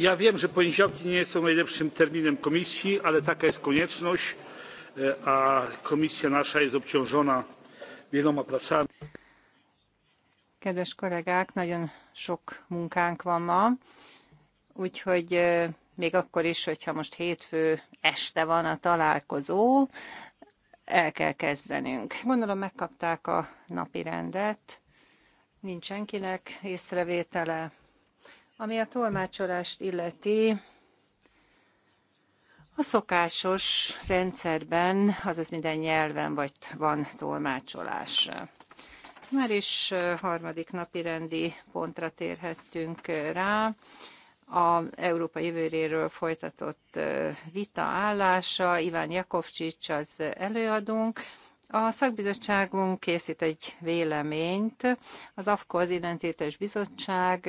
ja wiem że poniedziałki nie są najlepszym terminem komisji ale taka jest konieczność e, a komisja nasza jest obciążona wieloma pracami. Kedves kollégák, nagyon sok munkánk van ma, úgyhogy e, még akkor is, hogyha most hétfő este van a találkozó, el kell kezdenünk. Gondolom megkapták a napi rendet. Nincs senkinek észrevétele. Ami a tolmácsolást illeti, a szokásos rendszerben, azaz minden nyelven vagy van tolmácsolás. Már is harmadik napi rendi pontra térhettünk rá. A Európa jövőréről folytatott vita állása, Iván Jakovcsics az előadónk. A szakbizottságunk készít egy véleményt. Az AFKO az Identitás Bizottság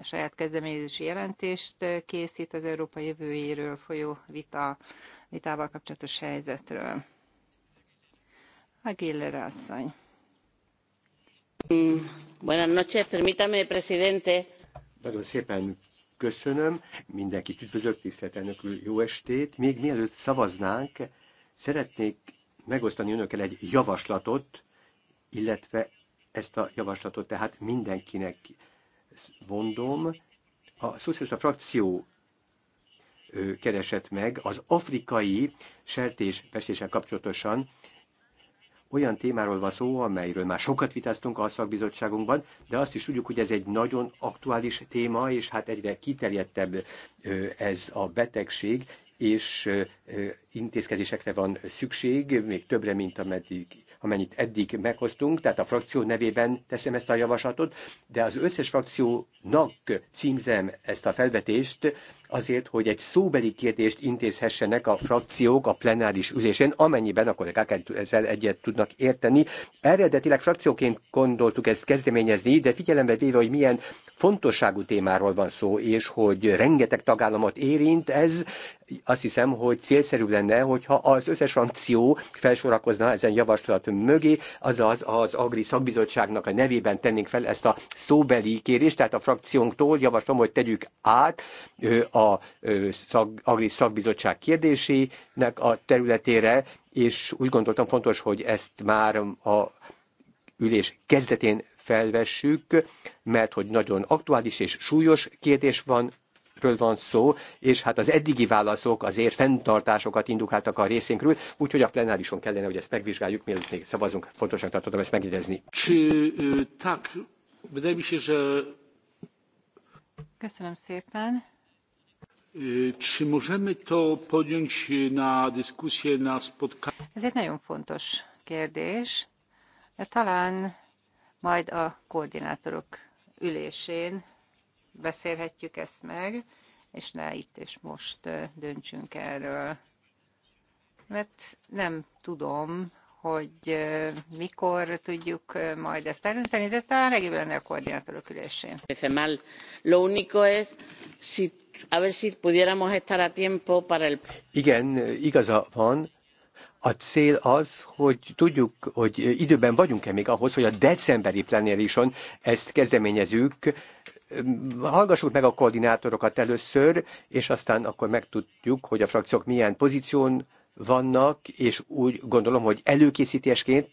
a saját kezdeményezési jelentést készít az Európa jövőjéről folyó vita, vitával kapcsolatos helyzetről. Aguilera asszony. Mm, buenas noches, permítame, presidente. Nagyon szépen köszönöm, mindenkit üdvözlök, tiszteletelnökül jó estét. Még mielőtt szavaznánk, szeretnék megosztani önökkel egy javaslatot, illetve ezt a javaslatot tehát mindenkinek mondom, a szocialista frakció keresett meg az afrikai sertés-pestéssel kapcsolatosan olyan témáról van szó, amelyről már sokat vitáztunk a szakbizottságunkban, de azt is tudjuk, hogy ez egy nagyon aktuális téma, és hát egyre kiterjedtebb ez a betegség, és intézkedésekre van szükség, még többre, mint ameddig amennyit eddig meghoztunk, tehát a frakció nevében teszem ezt a javaslatot, de az összes frakciónak címzem ezt a felvetést, azért, hogy egy szóbeli kérdést intézhessenek a frakciók a plenáris ülésen, amennyiben a kollégák ezzel egyet tudnak érteni. Eredetileg frakcióként gondoltuk ezt kezdeményezni, de figyelembe véve, hogy milyen fontosságú témáról van szó, és hogy rengeteg tagállamot érint, ez azt hiszem, hogy célszerű lenne, hogyha az összes frakció felsorakozna ezen javaslat mögé, azaz az Agri Szakbizottságnak a nevében tennénk fel ezt a szóbeli kérést, tehát a frakciónktól javaslom, hogy tegyük át a szag, Agri Szakbizottság kérdésének a területére, és úgy gondoltam fontos, hogy ezt már a ülés kezdetén felvessük, mert hogy nagyon aktuális és súlyos kérdés van ről van szó, és hát az eddigi válaszok azért fenntartásokat indukáltak a részénkről, úgyhogy a plenárison kellene, hogy ezt megvizsgáljuk, mielőtt még szavazunk, fontosnak tartottam ezt megidézni. Köszönöm szépen. Czy możemy to podjąć na dyskusję na Ez egy nagyon fontos kérdés. Talán majd a koordinátorok ülésén beszélhetjük ezt meg, és ne itt és most döntsünk erről. Mert nem tudom, hogy mikor tudjuk majd ezt elönteni, de talán legjobb lenne a koordinátorok ülésén. Lo único es si a ver si pudiéramos estar a tiempo para el... Igen, igaza van, a cél az, hogy tudjuk, hogy időben vagyunk-e még ahhoz, hogy a decemberi plenérison ezt kezdeményezünk. Mm, hallgassuk meg a koordinátorokat először, és aztán akkor megtudjuk, hogy a frakciók milyen pozíción vannak, és úgy gondolom, hogy előkészítésként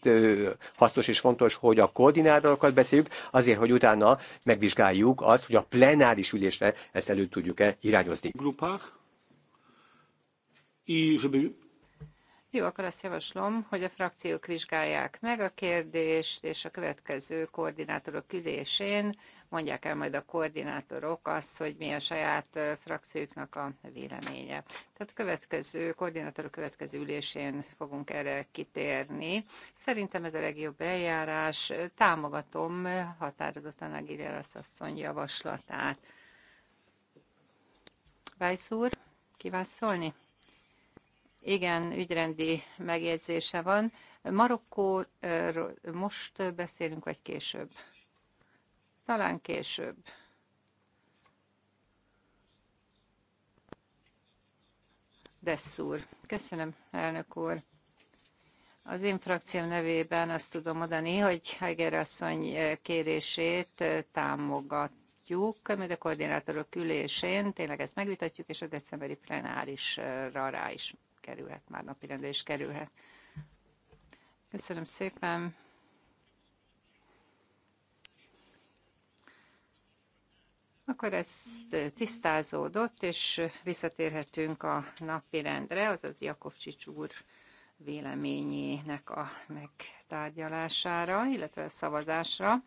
hasznos és fontos, hogy a koordinátorokat beszéljük, azért, hogy utána megvizsgáljuk azt, hogy a plenáris ülésre ezt elő tudjuk-e irányozni. Grupák. Jó, akkor azt javaslom, hogy a frakciók vizsgálják meg a kérdést, és a következő koordinátorok ülésén mondják el majd a koordinátorok azt, hogy mi a saját frakcióknak a véleménye. Tehát következő, koordinátorok következő ülésén fogunk erre kitérni. Szerintem ez a legjobb eljárás. Támogatom határozottan a Gilles asszony javaslatát. Vájsz úr, kívánsz szólni? Igen, ügyrendi megjegyzése van. Marokkó most beszélünk, vagy később? Talán később. Desszúr. Köszönöm, elnök úr. Az én frakcióm nevében azt tudom mondani, hogy Heger asszony kérését támogatjuk, majd a koordinátorok ülésén tényleg ezt megvitatjuk, és a decemberi plenárisra rá is kerülhet, már napirendre is kerülhet. Köszönöm szépen. Akkor ez eh, tisztázódott, és visszatérhetünk a napirendre, azaz Jakovcsics úr véleményének a megtárgyalására, illetve a szavazásra.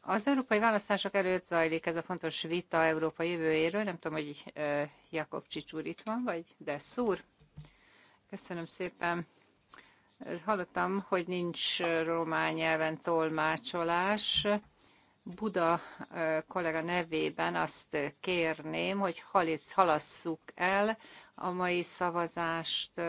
Az európai választások előtt zajlik ez a fontos vita Európa jövőjéről. Nem tudom, hogy eh, Jakob Csics úr itt van, vagy de szúr. Köszönöm szépen. Hallottam, hogy nincs román nyelven tolmácsolás. Buda kollega nevében azt kérném, hogy halasszuk el a mai szavazást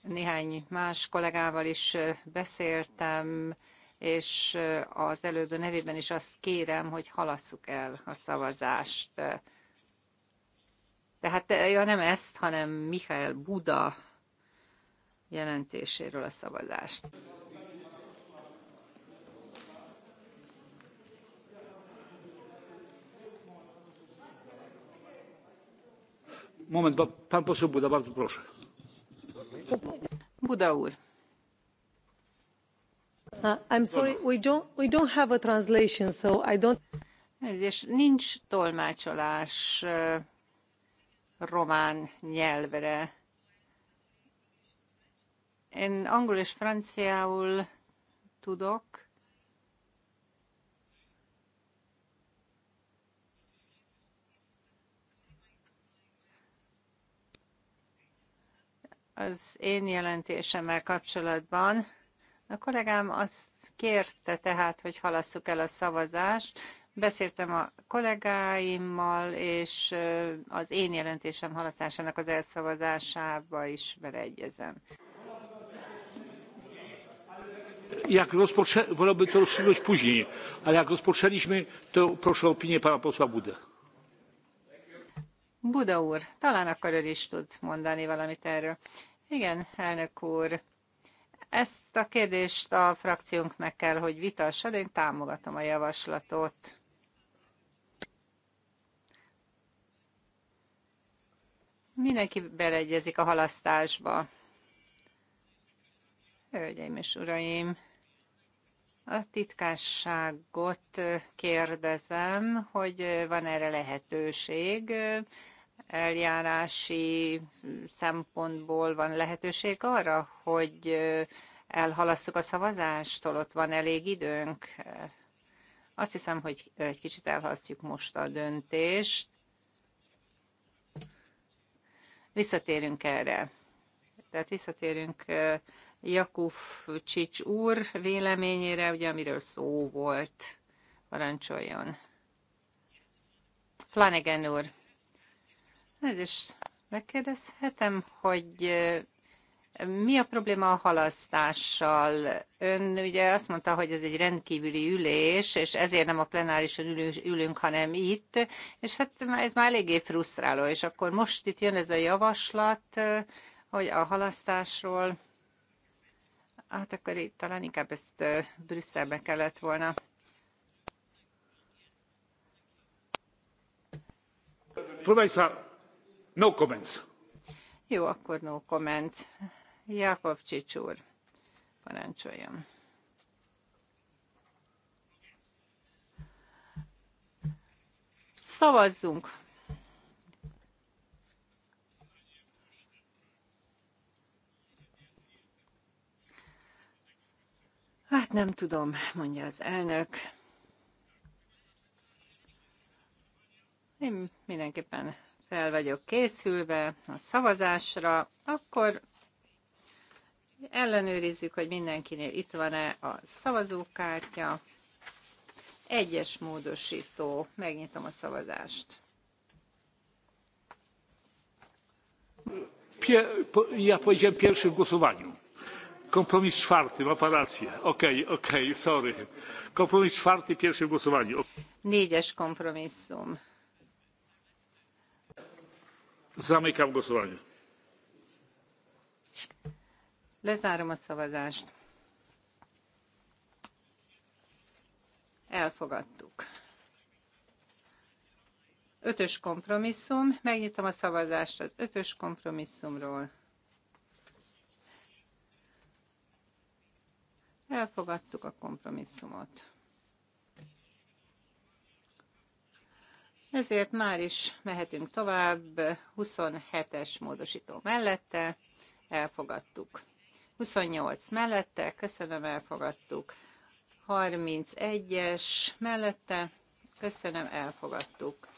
néhány más kollégával is beszéltem, és az elődő nevében is azt kérem, hogy halasszuk el a szavazást. Tehát ja, nem ezt, hanem Mihály Buda jelentéséről a szavazást. Uh, I'm sorry, we don't, we don't have a translation, so I don't... nincs tolmácsolás uh, román nyelvre. Én angol és franciául tudok, az én jelentésemmel kapcsolatban. A kollégám azt kérte tehát, hogy halasszuk el a szavazást. Beszéltem a kollégáimmal, és az én jelentésem halasztásának az elszavazásába is beleegyezem. Jak rozpoczęliśmy, wolałbym to rozstrzygnąć później, ale jak rozpoczęliśmy, to proszę o opinię pana posła Budę. Buda úr, talán akkor ő is tud mondani valamit erről. Igen, elnök úr. Ezt a kérdést a frakciónk meg kell, hogy vitassa, de én támogatom a javaslatot. Mindenki beleegyezik a halasztásba. Hölgyeim és uraim, a titkásságot kérdezem, hogy van erre lehetőség eljárási szempontból van lehetőség arra, hogy elhalasszuk a szavazást, ott van elég időnk. Azt hiszem, hogy egy kicsit elhalasztjuk most a döntést. Visszatérünk erre. Tehát visszatérünk Jakuf Csics úr véleményére, ugye amiről szó volt. Parancsoljon. Flanagan úr. Ez is megkérdezhetem, hogy mi a probléma a halasztással? Ön ugye azt mondta, hogy ez egy rendkívüli ülés, és ezért nem a plenárison ülünk, hanem itt, és hát ez már eléggé frusztráló, és akkor most itt jön ez a javaslat, hogy a halasztásról, hát akkor itt talán inkább ezt Brüsszelbe kellett volna. Proszę No comments. Jó, akkor no comment. Jakov Csicsúr, parancsoljon. Szavazzunk! Hát nem tudom, mondja az elnök. Én mindenképpen fel vagyok készülve a szavazásra, akkor ellenőrizzük, hogy mindenkinél itt van-e a szavazókártya. Egyes módosító. Megnyitom a szavazást. Ja powiedziałem pierwszy w głosowaniu. Kompromis czwarty, ma pan rację. Okej, okay, okej, okay, sorry. Kompromis czwarty, pierwszy w głosowaniu. Négyes kompromisszum. Zamykam głosowanie. Lezárom a szavazást. Elfogadtuk. Ötös kompromisszum. Megnyitom a szavazást az ötös kompromisszumról. Elfogadtuk a kompromisszumot. Ezért már is mehetünk tovább. 27-es módosító mellette elfogadtuk. 28 mellette, köszönöm, elfogadtuk. 31-es mellette, köszönöm, elfogadtuk.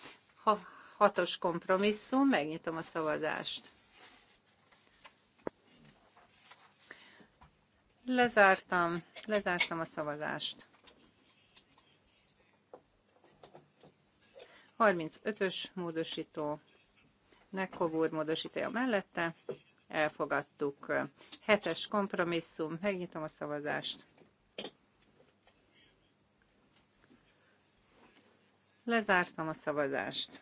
Ha, hatos kompromisszum, megnyitom a szavazást. Lezártam, lezártam a szavazást. 35-ös módosító, Nekobúr módosítója mellette, elfogadtuk. 7-es kompromisszum, megnyitom a szavazást. Lezártam a szavazást.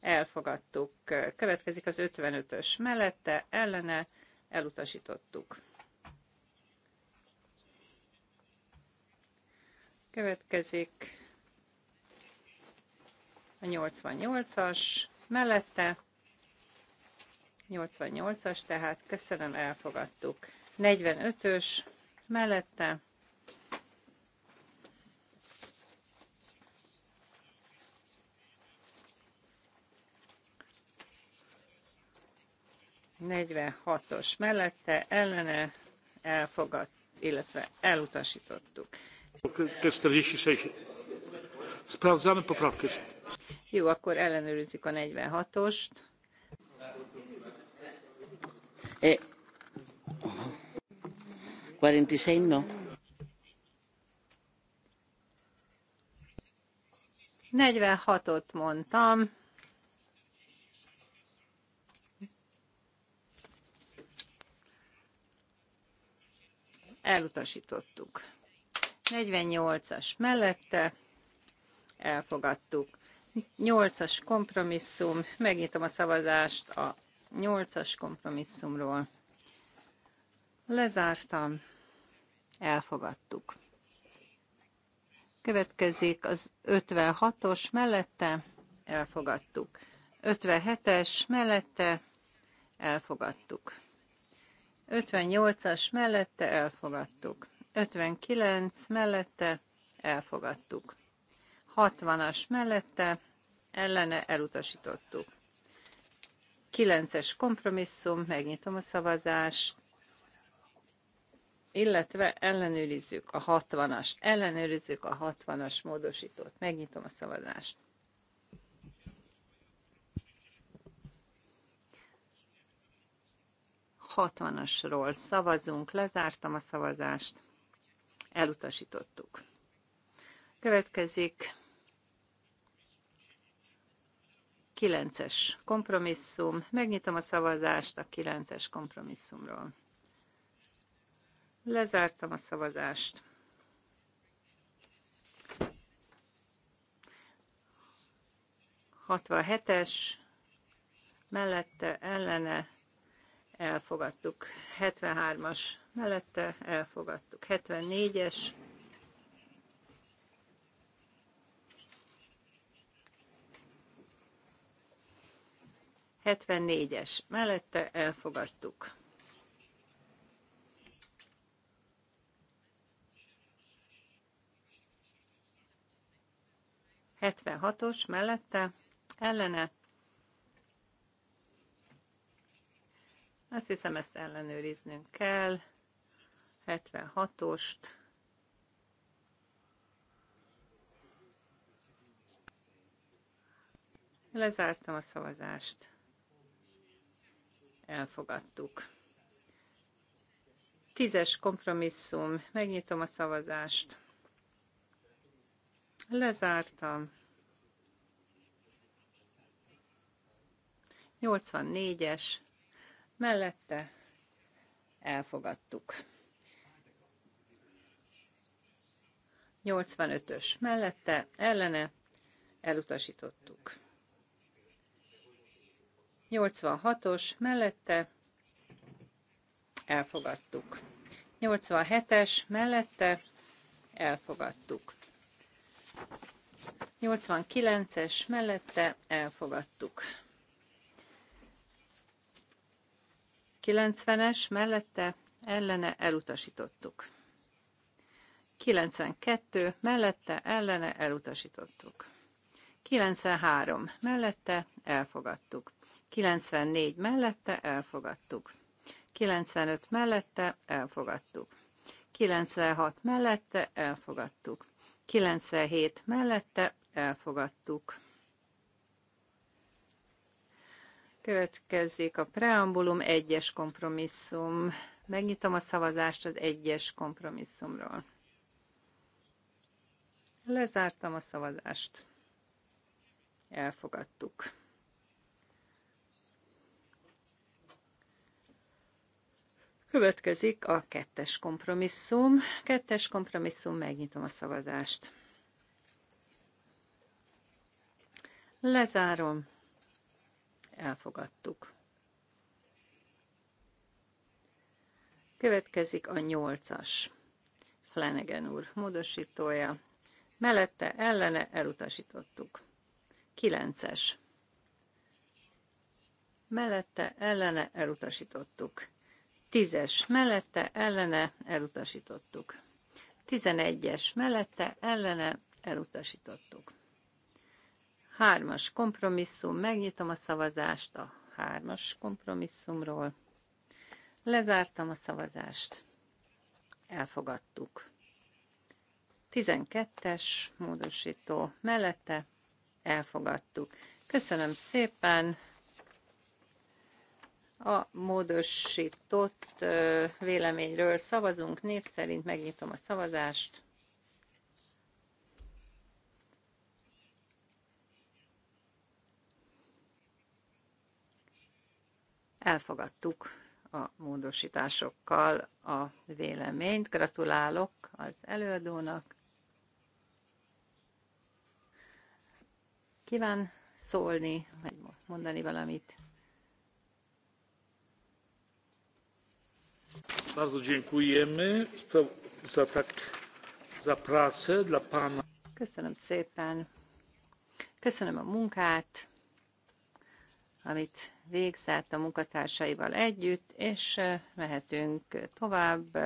Elfogadtuk. Következik az 55-ös mellette, ellene, elutasítottuk. Következik a 88-as mellette. 88-as, tehát köszönöm, elfogadtuk. 45-ös mellette. 46-os mellette ellene elfogadt, illetve elutasítottuk. Sprawdzamy poprawkę. Jó, akkor ellenőrizzük a 46-ost. Eh, 46 no. 46-ot mondtam. Elutasítottuk. 48-as mellette elfogadtuk. 8-as kompromisszum, megnyitom a szavazást a 8-as kompromisszumról. Lezártam, elfogadtuk. Következik az 56-os mellette, elfogadtuk. 57-es mellette, elfogadtuk. 58-as mellette elfogadtuk. 59 mellette elfogadtuk. 60-as mellette ellene elutasítottuk. 9-es kompromisszum, megnyitom a szavazást, illetve ellenőrizzük a 60-as, ellenőrizzük a 60-as módosítót. Megnyitom a szavazást. Hatvanasról szavazunk, lezártam a szavazást elutasítottuk. Következik kilences kompromisszum. Megnyitom a szavazást a kilences kompromisszumról. Lezártam a szavazást. Hatvanhetes mellette ellene elfogadtuk. 73-as mellette elfogadtuk. 74-es Hetvennégyes. Mellette elfogadtuk. Hetvenhatos mellette ellene Azt hiszem, ezt ellenőriznünk kell. 76-ost. Lezártam a szavazást. Elfogadtuk. Tízes kompromisszum. Megnyitom a szavazást. Lezártam. 84-es mellette elfogadtuk. 85-ös mellette ellene elutasítottuk. 86-os mellette elfogadtuk. 87-es mellette elfogadtuk. 89-es mellette elfogadtuk. 90-es mellette ellene elutasítottuk. 92 mellette ellene elutasítottuk. 93 mellette elfogadtuk. 94 mellette elfogadtuk. 95 mellette elfogadtuk. 96 mellette elfogadtuk. 97 mellette elfogadtuk. Következik a preambulum egyes kompromisszum. Megnyitom a szavazást az egyes kompromisszumról. Lezártam a szavazást. Elfogadtuk. Következik a kettes kompromisszum. Kettes kompromisszum, megnyitom a szavazást. Lezárom, elfogadtuk. Következik a nyolcas. Flanagan úr módosítója. Mellette ellene elutasítottuk. Kilences. Mellette ellene elutasítottuk. Tízes. Mellette ellene elutasítottuk. Tizenegyes. Mellette ellene elutasítottuk. Hármas kompromisszum, megnyitom a szavazást a hármas kompromisszumról. Lezártam a szavazást. Elfogadtuk. 12-es módosító mellette elfogadtuk. Köszönöm szépen! A módosított véleményről szavazunk. Név szerint megnyitom a szavazást. Elfogadtuk a módosításokkal a véleményt. Gratulálok az előadónak. Kíván szólni, vagy mondani valamit? Bardzo dziękujemy za, tak, za pracę dla Pana. Köszönöm szépen. Köszönöm a munkát amit végzárt a munkatársaival együtt, és mehetünk tovább.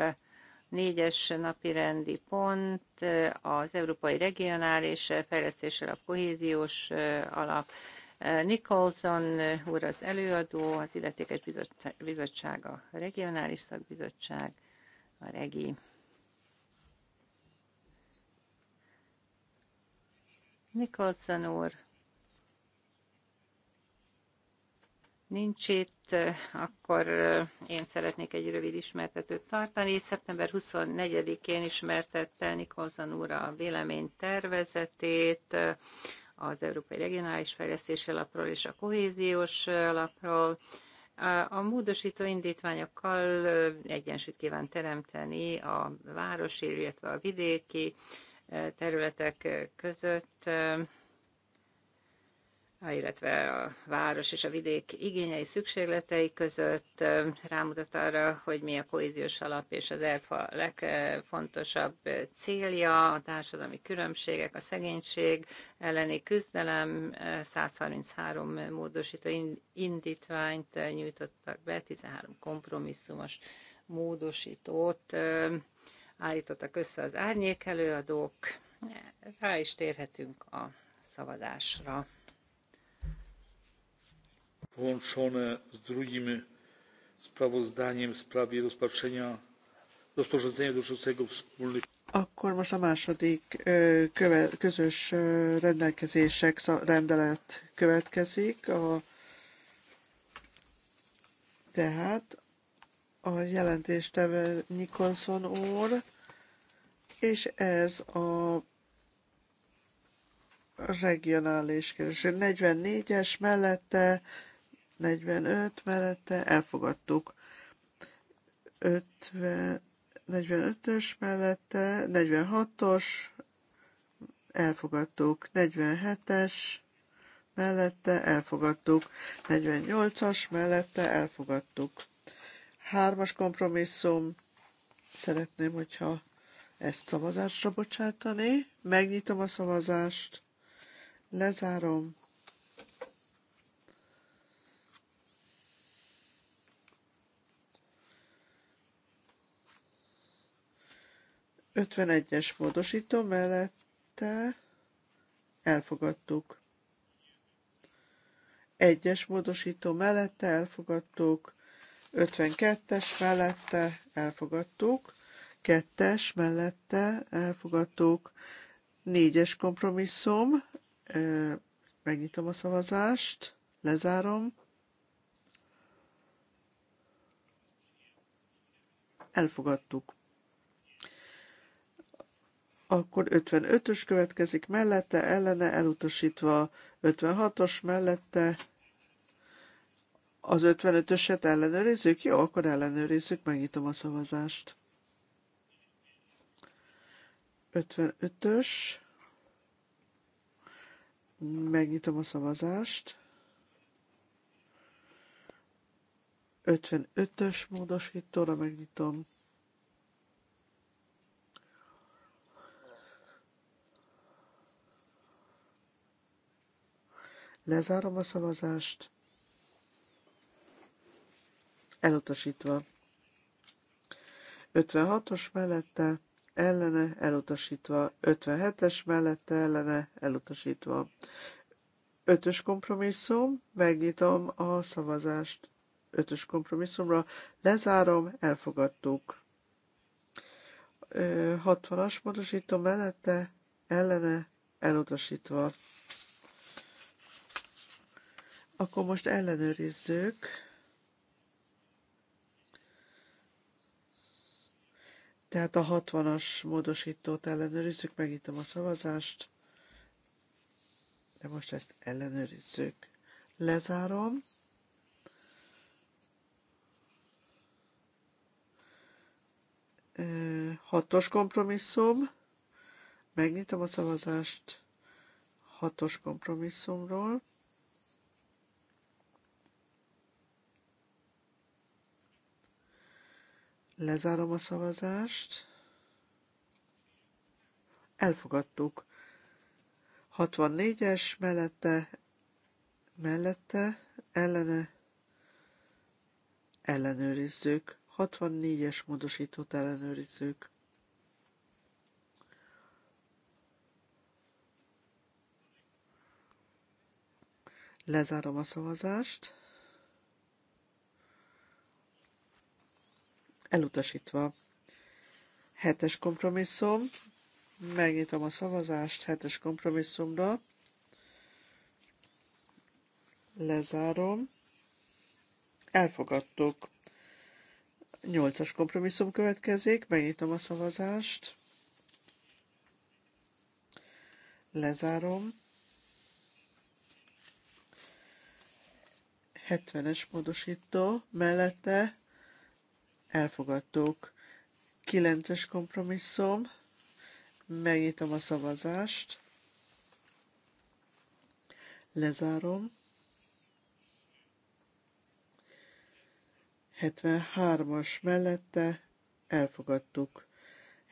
Négyes napi rendi pont az Európai Regionális Fejlesztésre a Kohéziós Alap. Nicholson úr az előadó, az illetékes bizottság a regionális szakbizottság, a regi. Nicholson úr nincs itt, akkor én szeretnék egy rövid ismertetőt tartani. Szeptember 24-én ismertette Nikolzan úr a vélemény tervezetét az Európai Regionális Fejlesztési Alapról és a Kohéziós Alapról. A módosító indítványokkal egyensúlyt kíván teremteni a városi, illetve a vidéki területek között illetve a város és a vidék igényei, szükségletei között rámutat arra, hogy mi a kohéziós alap és az ERFA legfontosabb célja, a társadalmi különbségek, a szegénység elleni küzdelem, 133 módosító indítványt nyújtottak be, 13 kompromisszumos módosítót állítottak össze az árnyékelőadók. Rá is térhetünk a szavazásra połączone z drugim sprawozdaniem w sprawie rozpatrzenia rozporządzenia dotyczącego wspólnych. Akkor most a második e, köve, közös e, rendelkezések rendelet következik. A, tehát a jelentéstevő Nikolson úr, és ez a regionális kérdés. 44-es mellette 45 mellette elfogadtuk. 50, 45-ös mellette, 46-os elfogadtuk, 47-es mellette elfogadtuk, 48-as mellette elfogadtuk. Hármas kompromisszum, szeretném, hogyha ezt szavazásra bocsátani. Megnyitom a szavazást, lezárom, 51-es módosító mellette elfogadtuk. es módosító mellette elfogadtuk, 52-es mellette elfogadtuk, 2-es mellette elfogadtuk, 4-es kompromisszum, megnyitom a szavazást, lezárom, elfogadtuk. Akkor 55-ös következik mellette, ellene elutasítva. 56-os mellette. Az 55-öset ellenőrizzük? Jó, akkor ellenőrizzük, megnyitom a szavazást. 55-ös. Megnyitom a szavazást. 55-ös módosítóra megnyitom. Lezárom a szavazást. Elutasítva. 56-os mellette ellene elutasítva, 57-es mellette ellene elutasítva. Ötös kompromisszum, megnyitom a szavazást. Ötös kompromisszumra lezárom, elfogadtuk. 60-as módosító mellette ellene elutasítva. Akkor most ellenőrizzük. Tehát a 60-as módosítót ellenőrizzük, megítom a szavazást, de most ezt ellenőrizzük. Lezárom. Hatos kompromisszum. Megnyitom a szavazást hatos kompromisszumról. Lezárom a szavazást. Elfogadtuk. 64-es mellette, mellette, ellene, ellenőrizzük. 64-es módosítót ellenőrizzük. Lezárom a szavazást. elutasítva. Hetes kompromisszum, megnyitom a szavazást hetes kompromisszumra, lezárom, elfogadtuk. Nyolcas kompromisszum következik, megnyitom a szavazást, lezárom, 70-es módosító, mellette Elfogadtuk. Kilences kompromisszum. Megnyitom a szavazást. Lezárom. 73-as mellette elfogadtuk.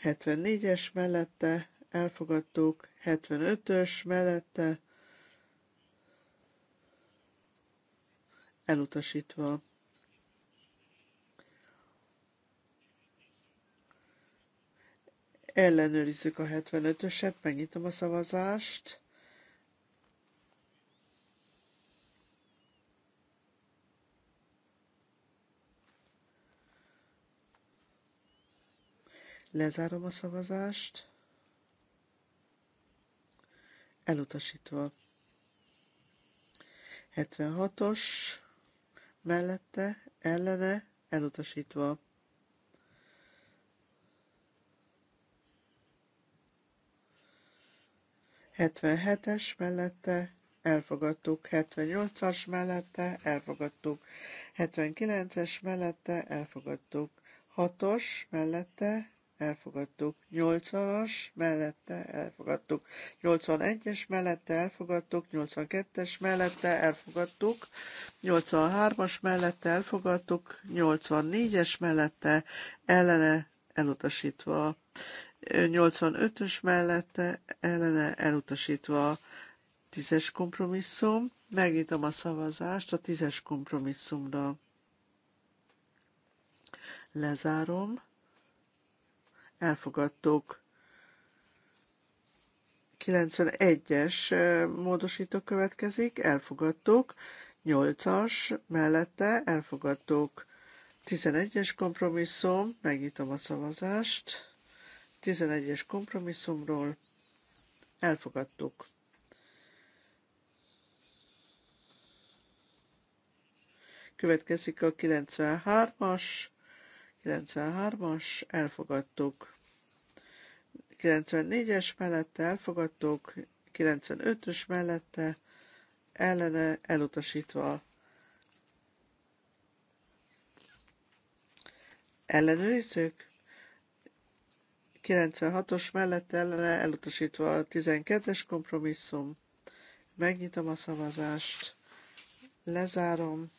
74-es mellette elfogadtuk. 75-ös mellette elutasítva. Ellenőrizzük a 75-öset, megnyitom a szavazást. Lezárom a szavazást. Elutasítva. 76-os mellette, ellene, elutasítva. 77-es mellette elfogadtuk, 78-as mellette elfogadtuk, 79-es mellette elfogadtuk, 6-os mellette elfogadtuk, 80-as mellette elfogadtuk, 81-es mellette elfogadtuk, 82-es mellette elfogadtuk, 83-as mellette elfogadtuk, 84-es mellette ellene elutasítva. 85-ös mellette ellene elutasítva 10 tízes kompromisszum. Megnyitom a szavazást a 10 kompromisszumra. Lezárom. Elfogadtuk. 91-es módosító következik, elfogadtuk. 8-as mellette elfogadtuk. 11-es kompromisszum, megnyitom a szavazást. 11-es kompromisszumról elfogadtuk. Következik a 93-as, 93-as, elfogadtuk. 94-es mellette elfogadtuk, 95-ös mellette ellene elutasítva. Ellenőrizzük. 96-os mellett ellene elutasítva a 12-es kompromisszum. Megnyitom a szavazást, lezárom.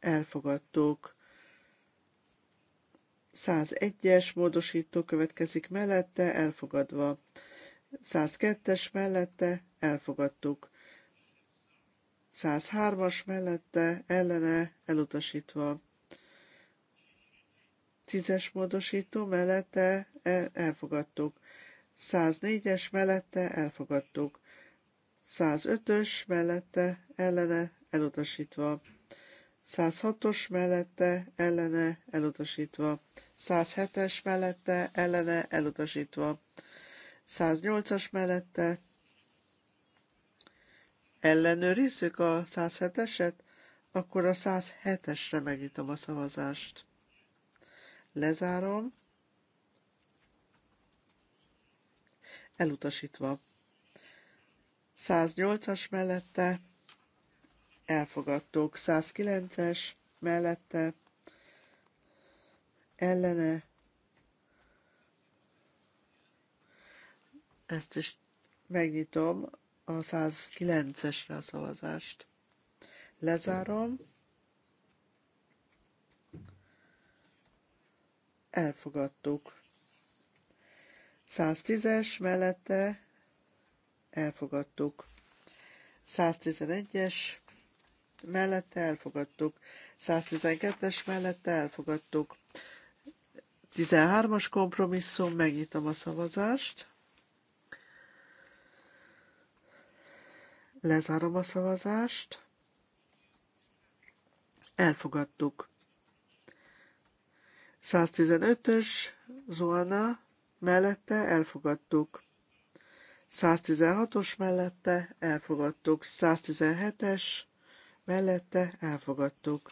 Elfogadtuk. 101-es módosító következik mellette, elfogadva. 102-es mellette, elfogadtuk. 103-as mellette, ellene, elutasítva. 10-es módosító mellette e, elfogadtuk. 104-es mellette elfogadtuk. 105-ös mellette ellene elutasítva. 106-os mellette ellene elutasítva. 107-es mellette ellene elutasítva. 108-as mellette ellenőrizzük a 107-eset, akkor a 107-esre megnyitom a szavazást. Lezárom. Elutasítva. 108-as mellette. Elfogadtuk. 109-es mellette. Ellene. Ezt is megnyitom a 109-esre a szavazást. Lezárom elfogadtuk. 110-es mellette elfogadtuk. 111-es mellette elfogadtuk. 112-es mellette elfogadtuk. 13-as kompromisszum, megnyitom a szavazást. Lezárom a szavazást. Elfogadtuk. 115-ös zóna mellette elfogadtuk. 116-os mellette elfogadtuk. 117-es mellette elfogadtuk.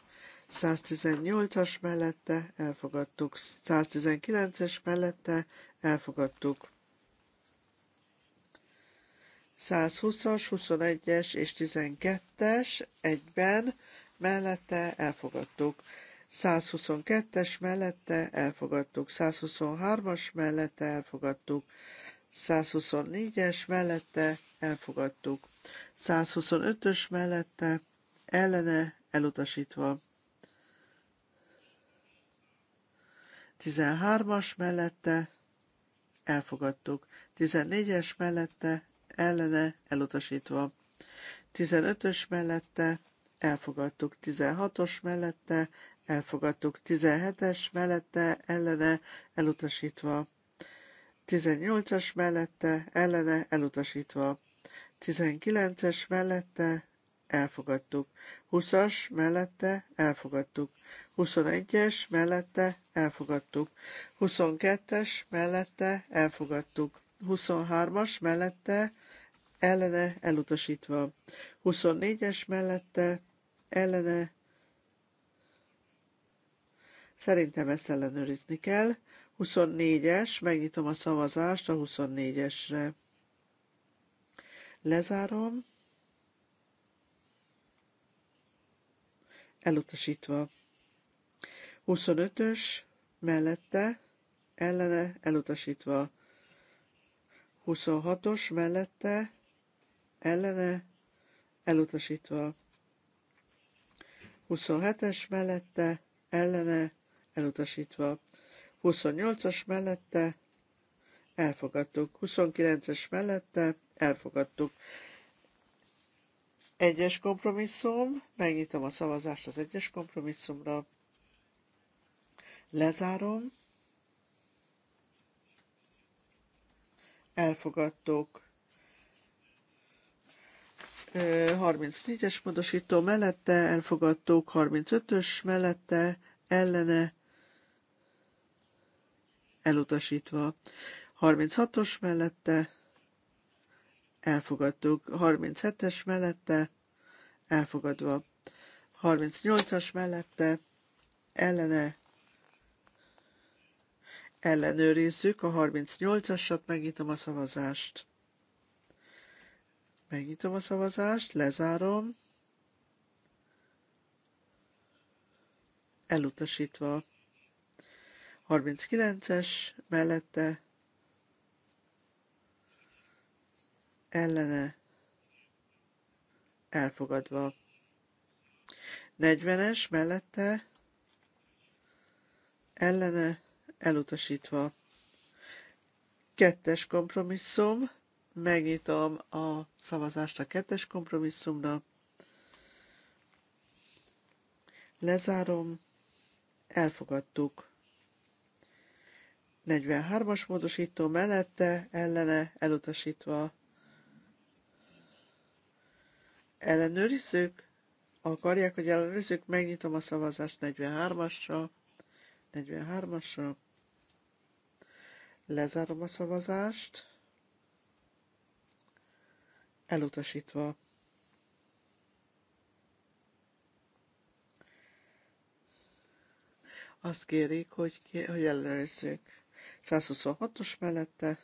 118-as mellette elfogadtuk. 119-es mellette elfogadtuk. 120-as, 21-es és 12-es egyben mellette elfogadtuk. 122-es mellette elfogadtuk, 123-as mellette elfogadtuk, 124-es mellette elfogadtuk, 125-ös mellette ellene elutasítva. 13-as mellette elfogadtuk, 14-es mellette ellene elutasítva, 15-ös mellette elfogadtuk, 16-os mellette elfogadtuk. 17-es mellette ellene elutasítva. 18-as mellette ellene elutasítva. 19-es mellette elfogadtuk. 20-as mellette elfogadtuk. 21-es mellette elfogadtuk. 22-es mellette elfogadtuk. 23-as mellette ellene elutasítva. 24-es mellette ellene Szerintem ezt ellenőrizni kell. 24-es, megnyitom a szavazást a 24-esre. Lezárom. Elutasítva. 25-ös, mellette, ellene, elutasítva. 26-os, mellette, ellene, elutasítva. 27-es mellette, ellene, elutasítva. 28-as mellette elfogadtuk. 29-es mellette elfogadtuk. Egyes kompromisszum, megnyitom a szavazást az egyes kompromisszumra, lezárom, elfogadtuk. 34-es módosító mellette elfogadtuk, 35-ös mellette ellene elutasítva. 36-os mellette elfogadtuk, 37-es mellette elfogadva, 38-as mellette ellene ellenőrizzük a 38-asat, megnyitom a szavazást. Megnyitom a szavazást, lezárom. Elutasítva. 39-es mellette ellene elfogadva. 40-es mellette ellene elutasítva. Kettes kompromisszum, megnyitom a szavazást a kettes kompromisszumra. Lezárom, elfogadtuk. 43-as módosító mellette ellene elutasítva. Ellenőrizzük. Akarják, hogy ellenőrizzük? Megnyitom a szavazást 43-asra. 43-asra. Lezárom a szavazást. Elutasítva. Azt kérik, hogy, hogy ellenőrizzük. 126-os mellette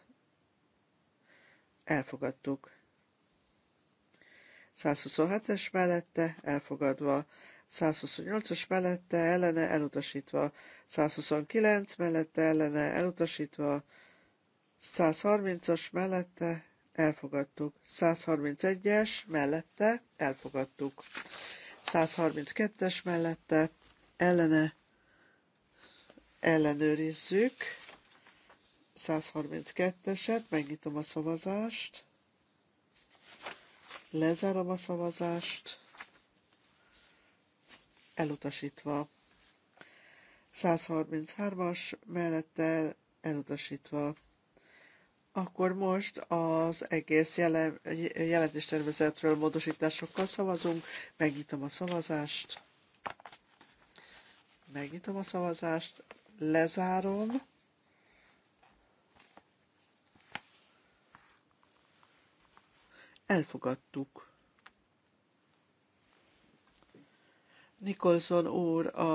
elfogadtuk. 127-es mellette elfogadva, 128-as mellette ellene elutasítva, 129 mellette ellene elutasítva, 130-as mellette elfogadtuk, 131-es mellette elfogadtuk, 132-es mellette ellene ellenőrizzük, 132-eset, megnyitom a szavazást, lezárom a szavazást, elutasítva. 133-as mellette elutasítva. Akkor most az egész jelen, jelentéstervezetről módosításokkal szavazunk. Megnyitom a szavazást. Megnyitom a szavazást, lezárom. elfogadtuk. Nikolson úr a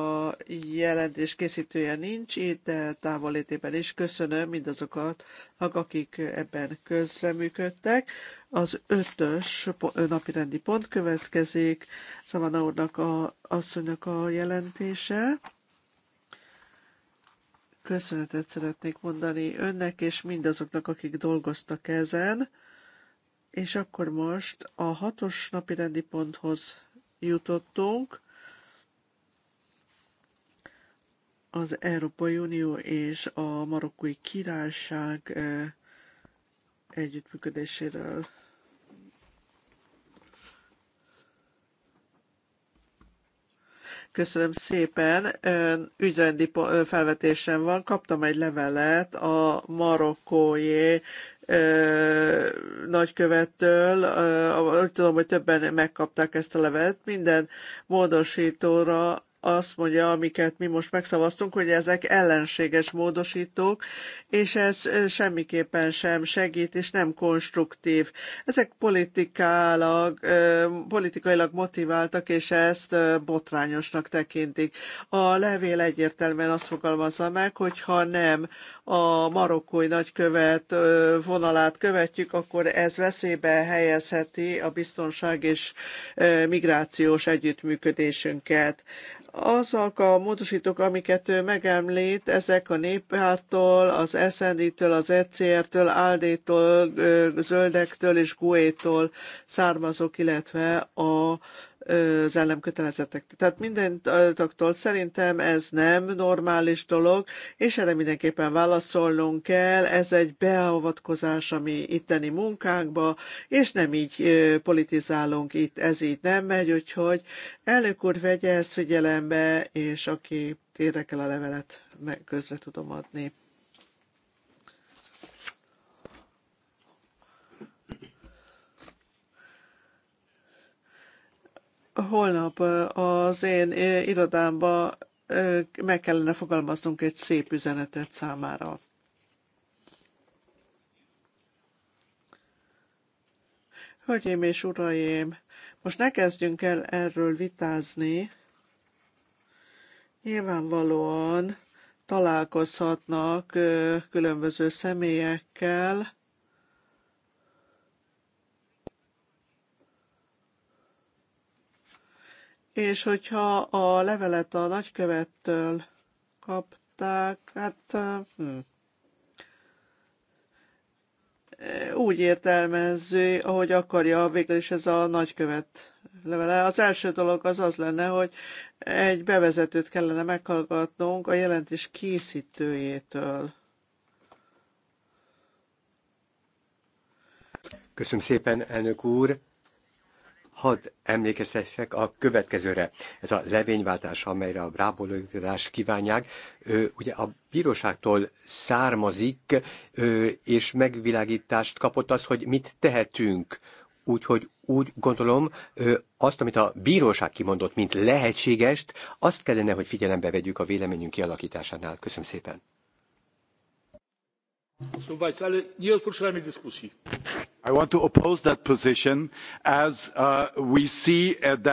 jelentés készítője nincs itt, de távolétében is köszönöm mindazokat, akik ebben közreműködtek. Az ötös napirendi pont következik, Szavana úrnak a, asszonynak a jelentése. Köszönetet szeretnék mondani önnek és mindazoknak, akik dolgoztak ezen és akkor most a hatos napi rendi ponthoz jutottunk, az Európai Unió és a marokkói királyság eh, együttműködéséről. Köszönöm szépen. Ügyrendi felvetésem van. Kaptam egy levelet a marokkói nagykövettől, úgy tudom, hogy többen megkapták ezt a levet, minden módosítóra azt mondja, amiket mi most megszavaztunk, hogy ezek ellenséges módosítók, és ez semmiképpen sem segít, és nem konstruktív. Ezek politikálag, politikailag motiváltak, és ezt botrányosnak tekintik. A levél egyértelműen azt fogalmazza meg, hogy ha nem a marokkói nagykövet vonalát követjük, akkor ez veszélybe helyezheti a biztonság és migrációs együttműködésünket azok a módosítók, amiket ő megemlít, ezek a néppártól, az SND-től, az ECR-től, ald től Zöldektől és GUE-tól származók, illetve a az államkötelezettek. Tehát minden taktól szerintem ez nem normális dolog, és erre mindenképpen válaszolnunk kell. Ez egy beavatkozás a mi itteni munkánkba, és nem így politizálunk itt, ez így nem megy, úgyhogy elnök úr vegye ezt figyelembe, és aki érdekel a levelet, meg közre tudom adni. Holnap az én irodámba meg kellene fogalmaznunk egy szép üzenetet számára. Hölgyeim és uraim, most ne kezdjünk el erről vitázni. Nyilvánvalóan találkozhatnak különböző személyekkel, és hogyha a levelet a nagykövettől kapták, hát hm, úgy értelmező, ahogy akarja végül is ez a nagykövet levele. Az első dolog az az lenne, hogy egy bevezetőt kellene meghallgatnunk a jelentés készítőjétől. Köszönöm szépen, elnök úr! Hadd emlékeztessek a következőre. Ez a levényváltás, amelyre a rábólogatást kívánják, ugye a bíróságtól származik, és megvilágítást kapott az, hogy mit tehetünk. Úgyhogy úgy gondolom, azt, amit a bíróság kimondott, mint lehetségest, azt kellene, hogy figyelembe vegyük a véleményünk kialakításánál. Köszönöm szépen. szóval ale nie rozpoczynajmy I want to oppose that position as uh, we see uh, um,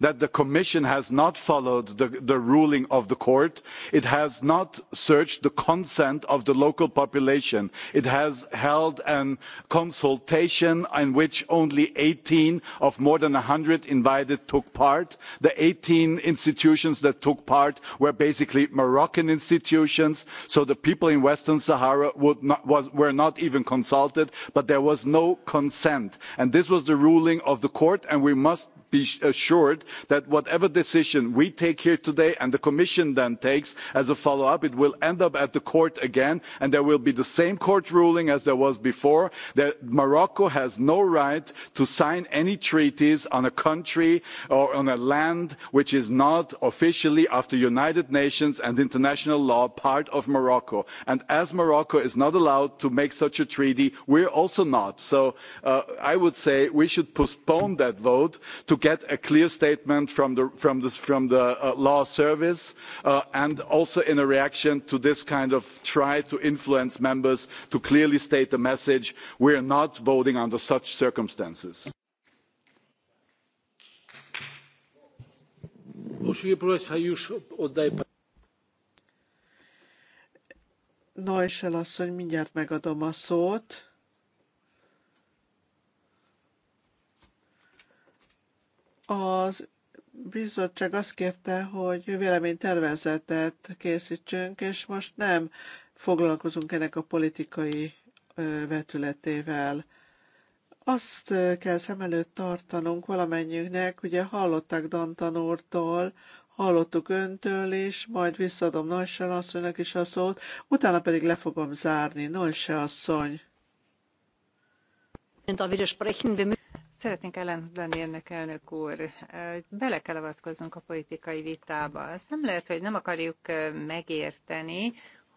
that, the Commission has not followed the, ruling of the court. It has not searched the consent of the local population. It has held a consultation in which only 18 of more than 100 invited took part. The 18 institutions that took part were basically Moroccan institutions, so the people in Western Sahara were not even consulted but there was no consent and this was the ruling of the court and we must be assured that whatever decision we take here today and the commission then takes as a follow up it will end up at the court again and there will be the same court ruling as there was before that morocco has no right to sign any treaties on a country or on a land which is not officially after united nations and international law part of morocco and as morocco is not allowed to make such a treaty we We're also not. So uh, I would say we should postpone that vote to get a clear statement from the, from the uh, law service uh, and also in a reaction to this kind of try to influence members to clearly state the message we are not voting under such circumstances. Noesel asszony, mindjárt megadom a szót. Az bizottság azt kérte, hogy véleménytervezetet készítsünk, és most nem foglalkozunk ennek a politikai vetületével. Azt kell szem előtt tartanunk valamennyiünknek, ugye hallották Dantan úrtól, hallottuk öntől is, majd visszadom Nolse asszonynak is a szót, utána pedig le fogom zárni. Nolse asszony. Szeretnénk ellentmondani ennek elnök úr. Eh, bele kell avatkoznunk a politikai vitába. Azt nem lehet, hogy nem akarjuk eh, megérteni,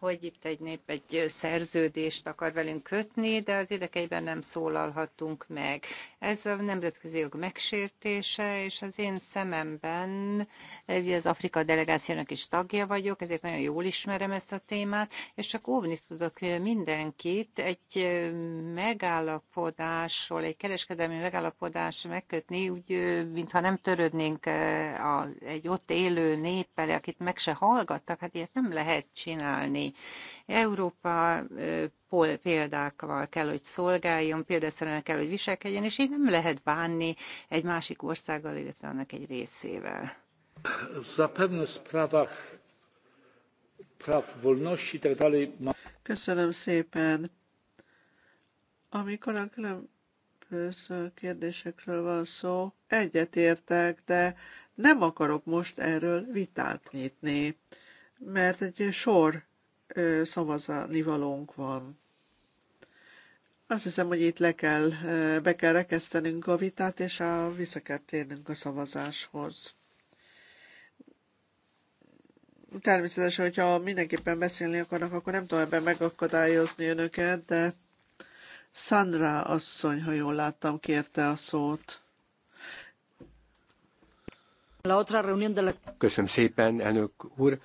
hogy itt egy nép egy szerződést akar velünk kötni, de az érdekeiben nem szólalhatunk meg. Ez a nemzetközi jog megsértése, és az én szememben, ugye az Afrika delegációnak is tagja vagyok, ezért nagyon jól ismerem ezt a témát, és csak óvni tudok mindenkit egy megállapodásról, egy kereskedelmi megállapodás megkötni, úgy, mintha nem törődnénk egy ott élő néppel, akit meg se hallgattak, hát ilyet nem lehet csinálni. Európa pol példákkal kell, hogy szolgáljon, példaszerűen kell, hogy viselkedjen, és így nem lehet bánni egy másik országgal, illetve annak egy részével. Zapewne sprawach praw wolności itd. Köszönöm szépen. Amikor a különböző kérdésekről van szó, egyetértek, de nem akarok most erről vitát nyitni, mert egy sor szavazni valónk van. Azt hiszem, hogy itt le kell, be kell rekesztenünk a vitát, és a, vissza kell térnünk a szavazáshoz. Természetesen, hogyha mindenképpen beszélni akarnak, akkor nem tudom ebben megakadályozni önöket, de Sandra asszony, ha jól láttam, kérte a szót. Köszönöm szépen, elnök úr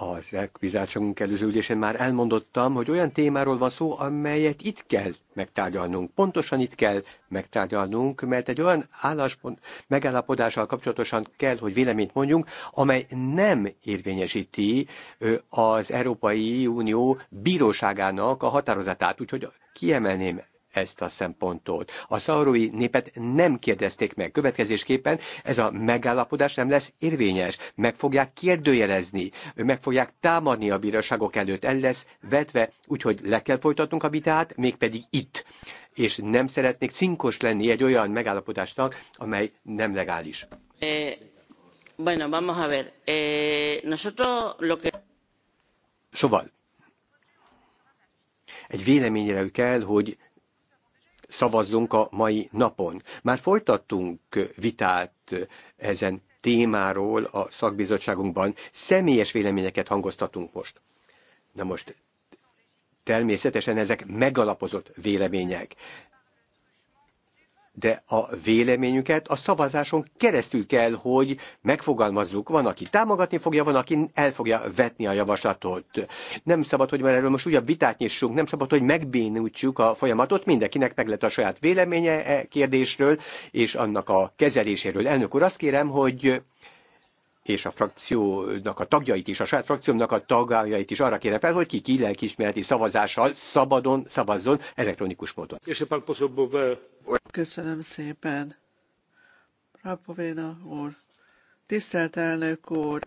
az bizottságunk előző ülésén már elmondottam, hogy olyan témáról van szó, amelyet itt kell megtárgyalnunk. Pontosan itt kell megtárgyalnunk, mert egy olyan álláspont megállapodással kapcsolatosan kell, hogy véleményt mondjunk, amely nem érvényesíti az Európai Unió bíróságának a határozatát. Úgyhogy kiemelném ezt a szempontot. A szaurói népet nem kérdezték meg. Következésképpen ez a megállapodás nem lesz érvényes. Meg fogják kérdőjelezni, meg fogják támadni a bíróságok előtt. El lesz vetve, úgyhogy le kell folytatnunk a vitát, mégpedig itt. És nem szeretnék cinkos lenni egy olyan megállapodásnak, amely nem legális. Eh, bueno, vamos a ver. Eh, nosotros lo que... Szóval, egy véleményre kell, hogy szavazzunk a mai napon. Már folytattunk vitát ezen témáról a szakbizottságunkban, személyes véleményeket hangoztatunk most. Na most természetesen ezek megalapozott vélemények de a véleményüket a szavazáson keresztül kell, hogy megfogalmazzuk. Van, aki támogatni fogja, van, aki el fogja vetni a javaslatot. Nem szabad, hogy már erről most újabb vitát nyissunk, nem szabad, hogy megbénultsuk a folyamatot, mindenkinek meg lett a saját véleménye e kérdésről és annak a kezeléséről. Elnök úr, azt kérem, hogy és a frakciónak a tagjait is, a saját frakciómnak a tagjait is arra kérem fel, hogy ki ki lelkiismereti szavazással szabadon szavazzon elektronikus módon. Köszönöm szépen. Rapovéna úr, tisztelt elnök úr,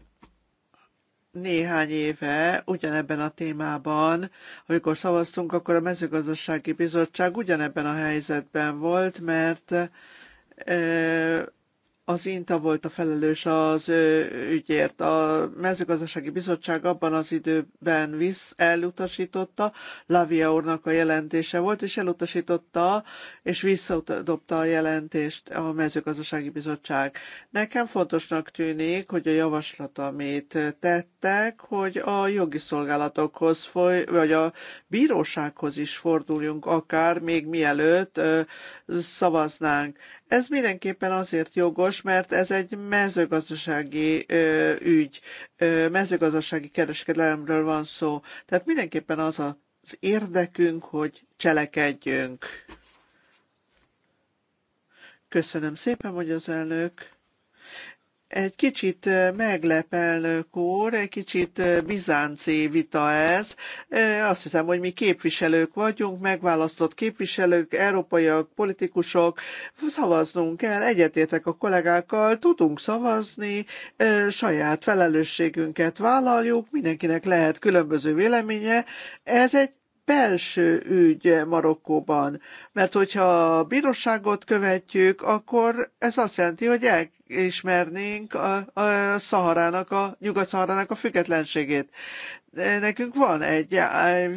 néhány éve ugyanebben a témában, amikor szavaztunk, akkor a mezőgazdasági bizottság ugyanebben a helyzetben volt, mert az INTA volt a felelős az ügyért. A mezőgazdasági bizottság abban az időben visz elutasította, Lavia úrnak a jelentése volt, és elutasította, és visszadobta a jelentést a mezőgazdasági bizottság. Nekem fontosnak tűnik, hogy a javaslat, amit tettek, hogy a jogi szolgálatokhoz, foly, vagy a bírósághoz is forduljunk akár, még mielőtt szavaznánk. Ez mindenképpen azért jogos, mert ez egy mezőgazdasági ö, ügy, ö, mezőgazdasági kereskedelemről van szó. Tehát mindenképpen az az érdekünk, hogy cselekedjünk. Köszönöm szépen, hogy az elnök egy kicsit meglep elnök úr, egy kicsit bizánci vita ez. Azt hiszem, hogy mi képviselők vagyunk, megválasztott képviselők, európaiak, politikusok, szavaznunk kell, egyetértek a kollégákkal, tudunk szavazni, saját felelősségünket vállaljuk, mindenkinek lehet különböző véleménye. Ez egy belső ügy Marokkóban. Mert hogyha a bíróságot követjük, akkor ez azt jelenti, hogy elismernénk a, a Szaharának, a Nyugat-Szaharának a függetlenségét. Nekünk van egy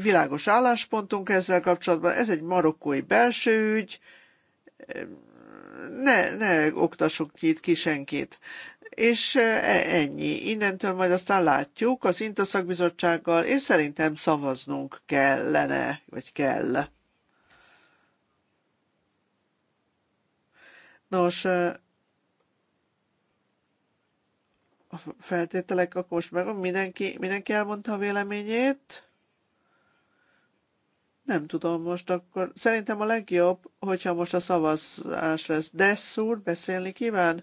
világos álláspontunk ezzel kapcsolatban, ez egy marokkói belső ügy, ne, ne oktassuk ki itt ki senkit és e, ennyi. Innentől majd aztán látjuk az Intaszakbizottsággal, és szerintem szavaznunk kellene, vagy kell. Nos, a feltételek, akkor most meg mindenki, mindenki elmondta a véleményét. Nem tudom most akkor. Szerintem a legjobb, hogyha most a szavazás lesz. desszúr beszélni kíván?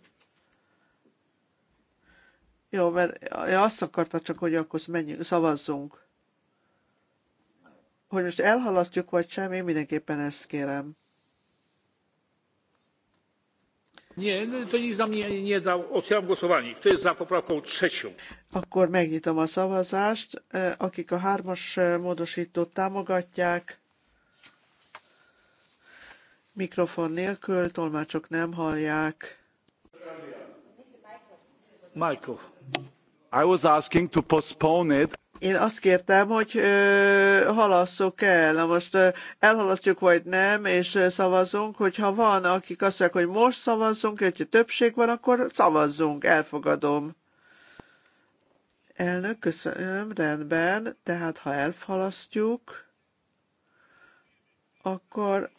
Jó, mert azt akarta csak, hogy akkor menjünk, szavazzunk. Hogy most elhalasztjuk, vagy sem, én mindenképpen ezt kérem. Nie, to nic nam nie, nie da. Otwieram głosowanie. Kto jest za poprawką trzecią? Akkor megnyitom a szavazást. E, akik a hármas e, módosítót támogatják, mikrofon nélkül, tolmácsok nem hallják. Michael. I was asking to postpone it. Én azt kértem, hogy ö, halasszuk el. Na most ö, elhalasztjuk vagy nem, és ö, szavazunk, hogyha van, akik azt mondják, hogy most szavazzunk, hogyha többség van, akkor szavazzunk, elfogadom. Elnök, köszönöm, rendben. Tehát ha elhalasztjuk, akkor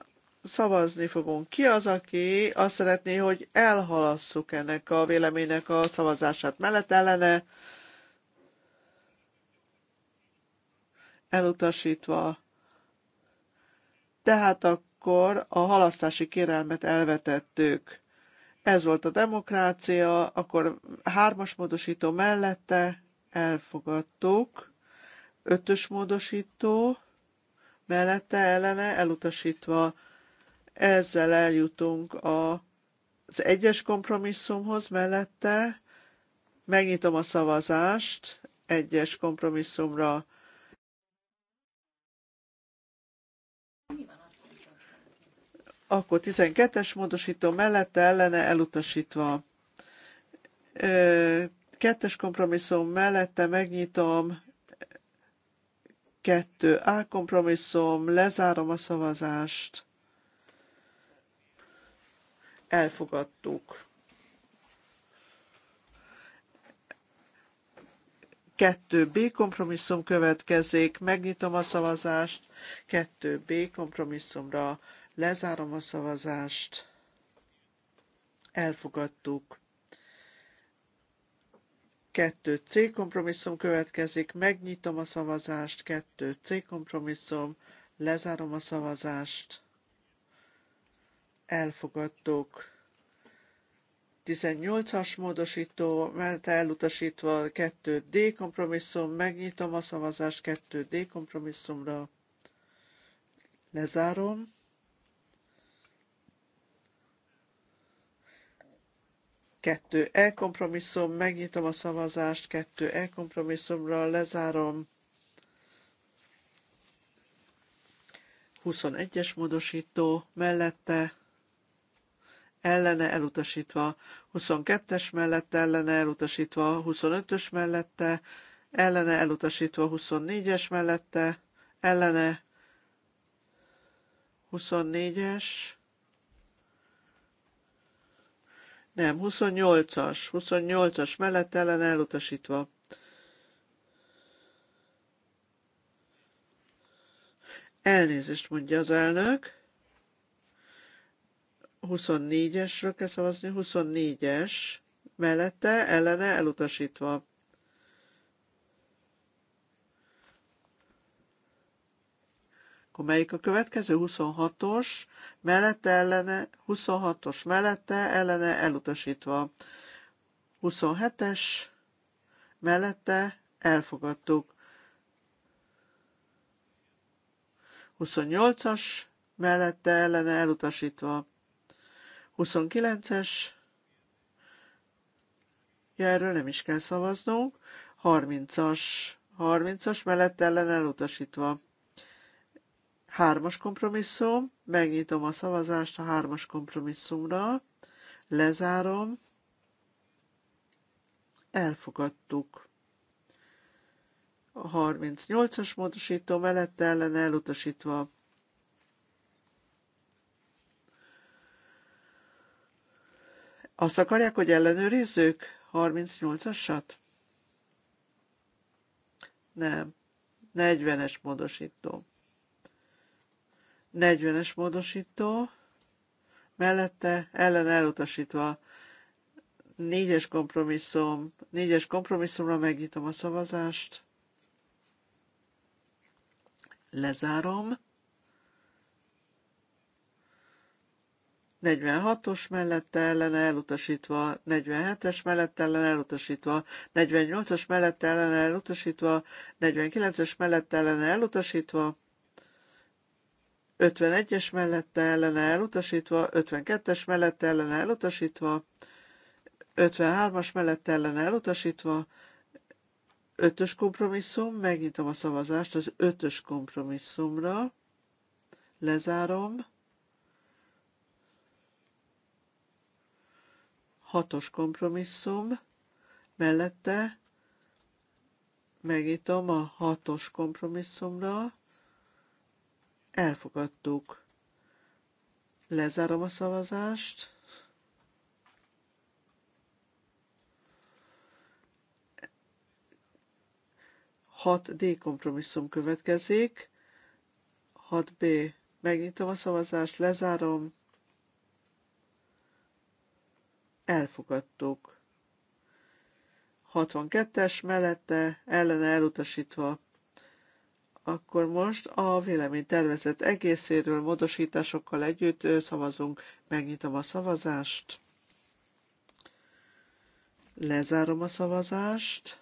szavazni fogunk. Ki az, aki azt szeretné, hogy elhalasszuk ennek a véleménynek a szavazását mellett ellene, elutasítva. Tehát akkor a halasztási kérelmet elvetettük. Ez volt a demokrácia, akkor hármas módosító mellette elfogadtuk, ötös módosító mellette ellene elutasítva ezzel eljutunk a, az egyes kompromisszumhoz mellette. Megnyitom a szavazást egyes kompromisszumra. Akkor 12-es módosító mellette ellene elutasítva. Kettes kompromisszum mellette megnyitom 2A kompromisszum, lezárom a szavazást elfogadtuk. Kettő B kompromisszum következik, megnyitom a szavazást, Kettő B kompromisszumra lezárom a szavazást, elfogadtuk. 2C kompromisszum következik, megnyitom a szavazást, 2C kompromisszum, lezárom a szavazást, elfogadtuk. 18-as módosító, mellett elutasítva 2D kompromisszum, megnyitom a szavazást 2D kompromisszumra, lezárom. Kettő E kompromisszum, megnyitom a szavazást, kettő E kompromisszumra, lezárom. 21-es módosító mellette ellene elutasítva, 22-es mellette ellene elutasítva, 25-ös mellette ellene elutasítva, 24-es mellette ellene 24-es, nem, 28-as, 28-as mellett ellen elutasítva. Elnézést mondja az elnök. 24-esről kell szavazni, 24-es mellette, ellene elutasítva. Akkor melyik a következő? 26-os, mellette ellene, 26-os mellette ellene elutasítva. 27-es, mellette elfogadtuk. 28-as, mellette ellene elutasítva. 29-es, ja, erről nem is kell szavaznunk, 30-as, 30-as mellett ellen elutasítva. Hármas kompromisszum, megnyitom a szavazást a hármas kompromisszumra, lezárom, elfogadtuk. A 38-as módosító mellett ellen elutasítva. Azt akarják, hogy ellenőrizzük? 38-asat? Nem. 40-es módosító. 40-es módosító, mellette ellen elutasítva 4-es kompromisszum, es kompromisszumra megnyitom a szavazást, lezárom, 46-os mellette ellen elutasítva, 47-es mellette ellen elutasítva, 48-as mellette ellen elutasítva, 49-es mellette ellen elutasítva, 51-es mellette ellen elutasítva, 52-es mellette ellen elutasítva, 53-as mellette ellen elutasítva, 5-ös kompromisszum, megnyitom a szavazást az 5-ös kompromisszumra, lezárom, hatos kompromisszum, mellette megítom a hatos kompromisszumra, elfogadtuk. Lezárom a szavazást. Hat D kompromisszum következik. 6B. Megnyitom a szavazást, lezárom elfogadtuk. 62-es mellette ellene elutasítva. Akkor most a véleménytervezet egészéről módosításokkal együtt szavazunk. Megnyitom a szavazást. Lezárom a szavazást.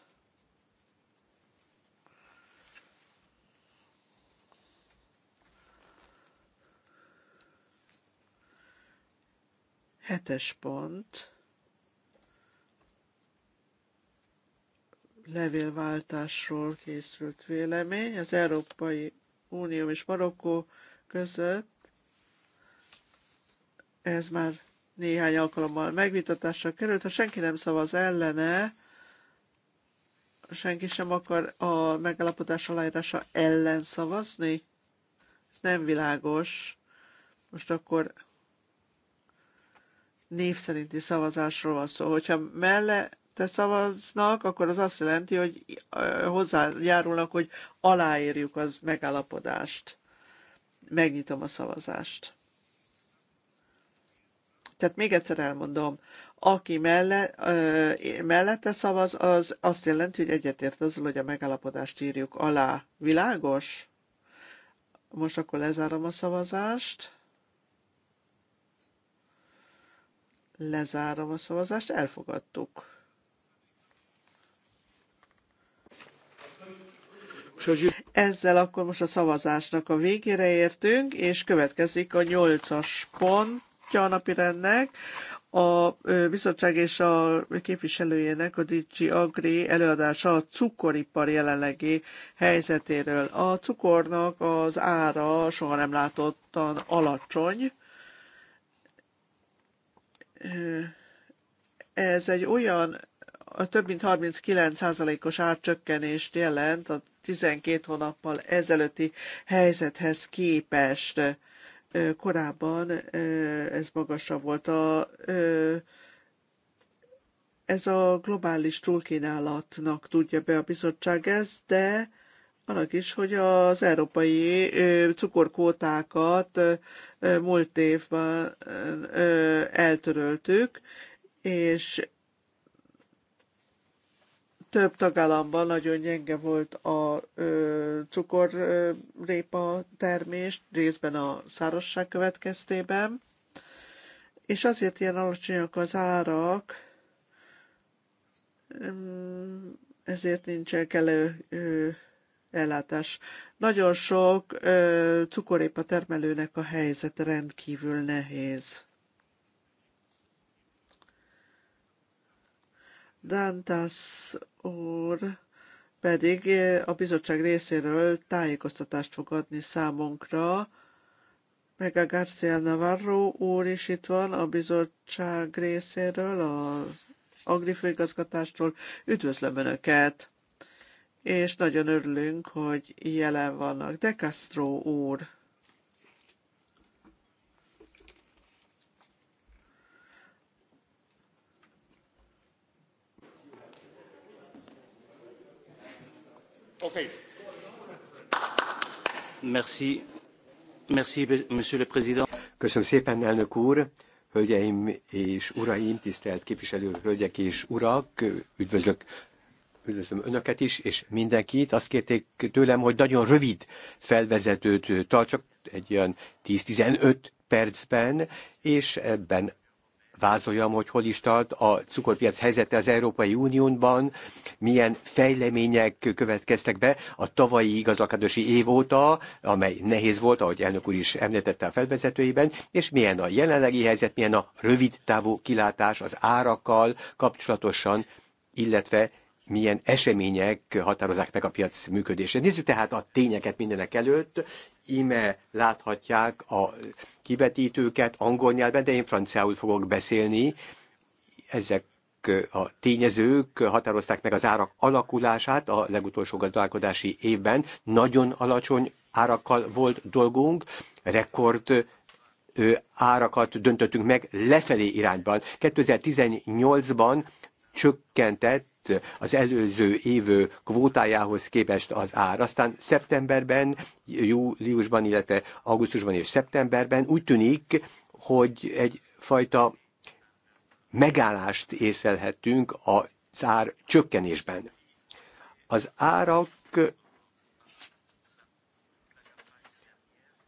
Hetes pont. Levélváltásról készült vélemény az Európai Unió és Marokkó között. Ez már néhány alkalommal megvitatásra került. Ha senki nem szavaz ellene, senki sem akar a megállapodás aláírása ellen szavazni? Ez nem világos. Most akkor név szerinti szavazásról van szó. Hogyha mellette szavaznak, akkor az azt jelenti, hogy hozzájárulnak, hogy aláírjuk az megállapodást. Megnyitom a szavazást. Tehát még egyszer elmondom, aki melle, ö, mellette szavaz, az azt jelenti, hogy egyetért azzal, hogy a megállapodást írjuk alá. Világos? Most akkor lezárom a szavazást. Lezárom a szavazást, elfogadtuk. Ezzel akkor most a szavazásnak a végére értünk, és következik a nyolcas pontja a napirendnek. A bizottság és a képviselőjének a DG Agri előadása a cukoripar jelenlegi helyzetéről. A cukornak az ára soha nem látottan alacsony, ez egy olyan a több mint 39%-os árcsökkenést jelent a 12 hónappal ezelőtti helyzethez képest. Korábban ez magasabb volt. A, ez a globális túlkínálatnak tudja be a bizottság ezt, de annak is, hogy az európai cukorkótákat múlt évben eltöröltük, és több tagállamban nagyon gyenge volt a cukorrépa termés, részben a szárazság következtében, és azért ilyen alacsonyak az árak, mm, ezért nincsen kellő ellátás. Nagyon sok ö, cukorépa termelőnek a helyzet rendkívül nehéz. Dantas úr pedig a bizottság részéről tájékoztatást fog adni számunkra. a García Navarro úr is itt van a bizottság részéről, a agrifőigazgatástól. Üdvözlöm Önöket! és nagyon örülünk, hogy jelen vannak. De Castro úr. Okay. Merci. Merci, monsieur le président. Köszönöm szépen, elnök úr! Hölgyeim és uraim, tisztelt képviselő hölgyek és urak, üdvözlök üdvözlöm önöket is, és mindenkit. Azt kérték tőlem, hogy nagyon rövid felvezetőt tartsak, egy olyan 10-15 percben, és ebben vázoljam, hogy hol is tart a cukorpiac helyzete az Európai Uniónban, milyen fejlemények következtek be a tavalyi igazgatási év óta, amely nehéz volt, ahogy elnök úr is említette a felvezetőiben, és milyen a jelenlegi helyzet, milyen a rövid távú kilátás az árakkal kapcsolatosan, illetve milyen események határozzák meg a piac működését. Nézzük tehát a tényeket mindenek előtt. Íme láthatják a kivetítőket angol nyelven, de én franciául fogok beszélni. Ezek a tényezők határozták meg az árak alakulását a legutolsó gazdálkodási évben. Nagyon alacsony árakkal volt dolgunk, rekord árakat döntöttünk meg lefelé irányban. 2018-ban csökkentett az előző év kvótájához képest az ár. Aztán szeptemberben, júliusban, illetve augusztusban és szeptemberben úgy tűnik, hogy egyfajta megállást észelhetünk a ár csökkenésben. Az árak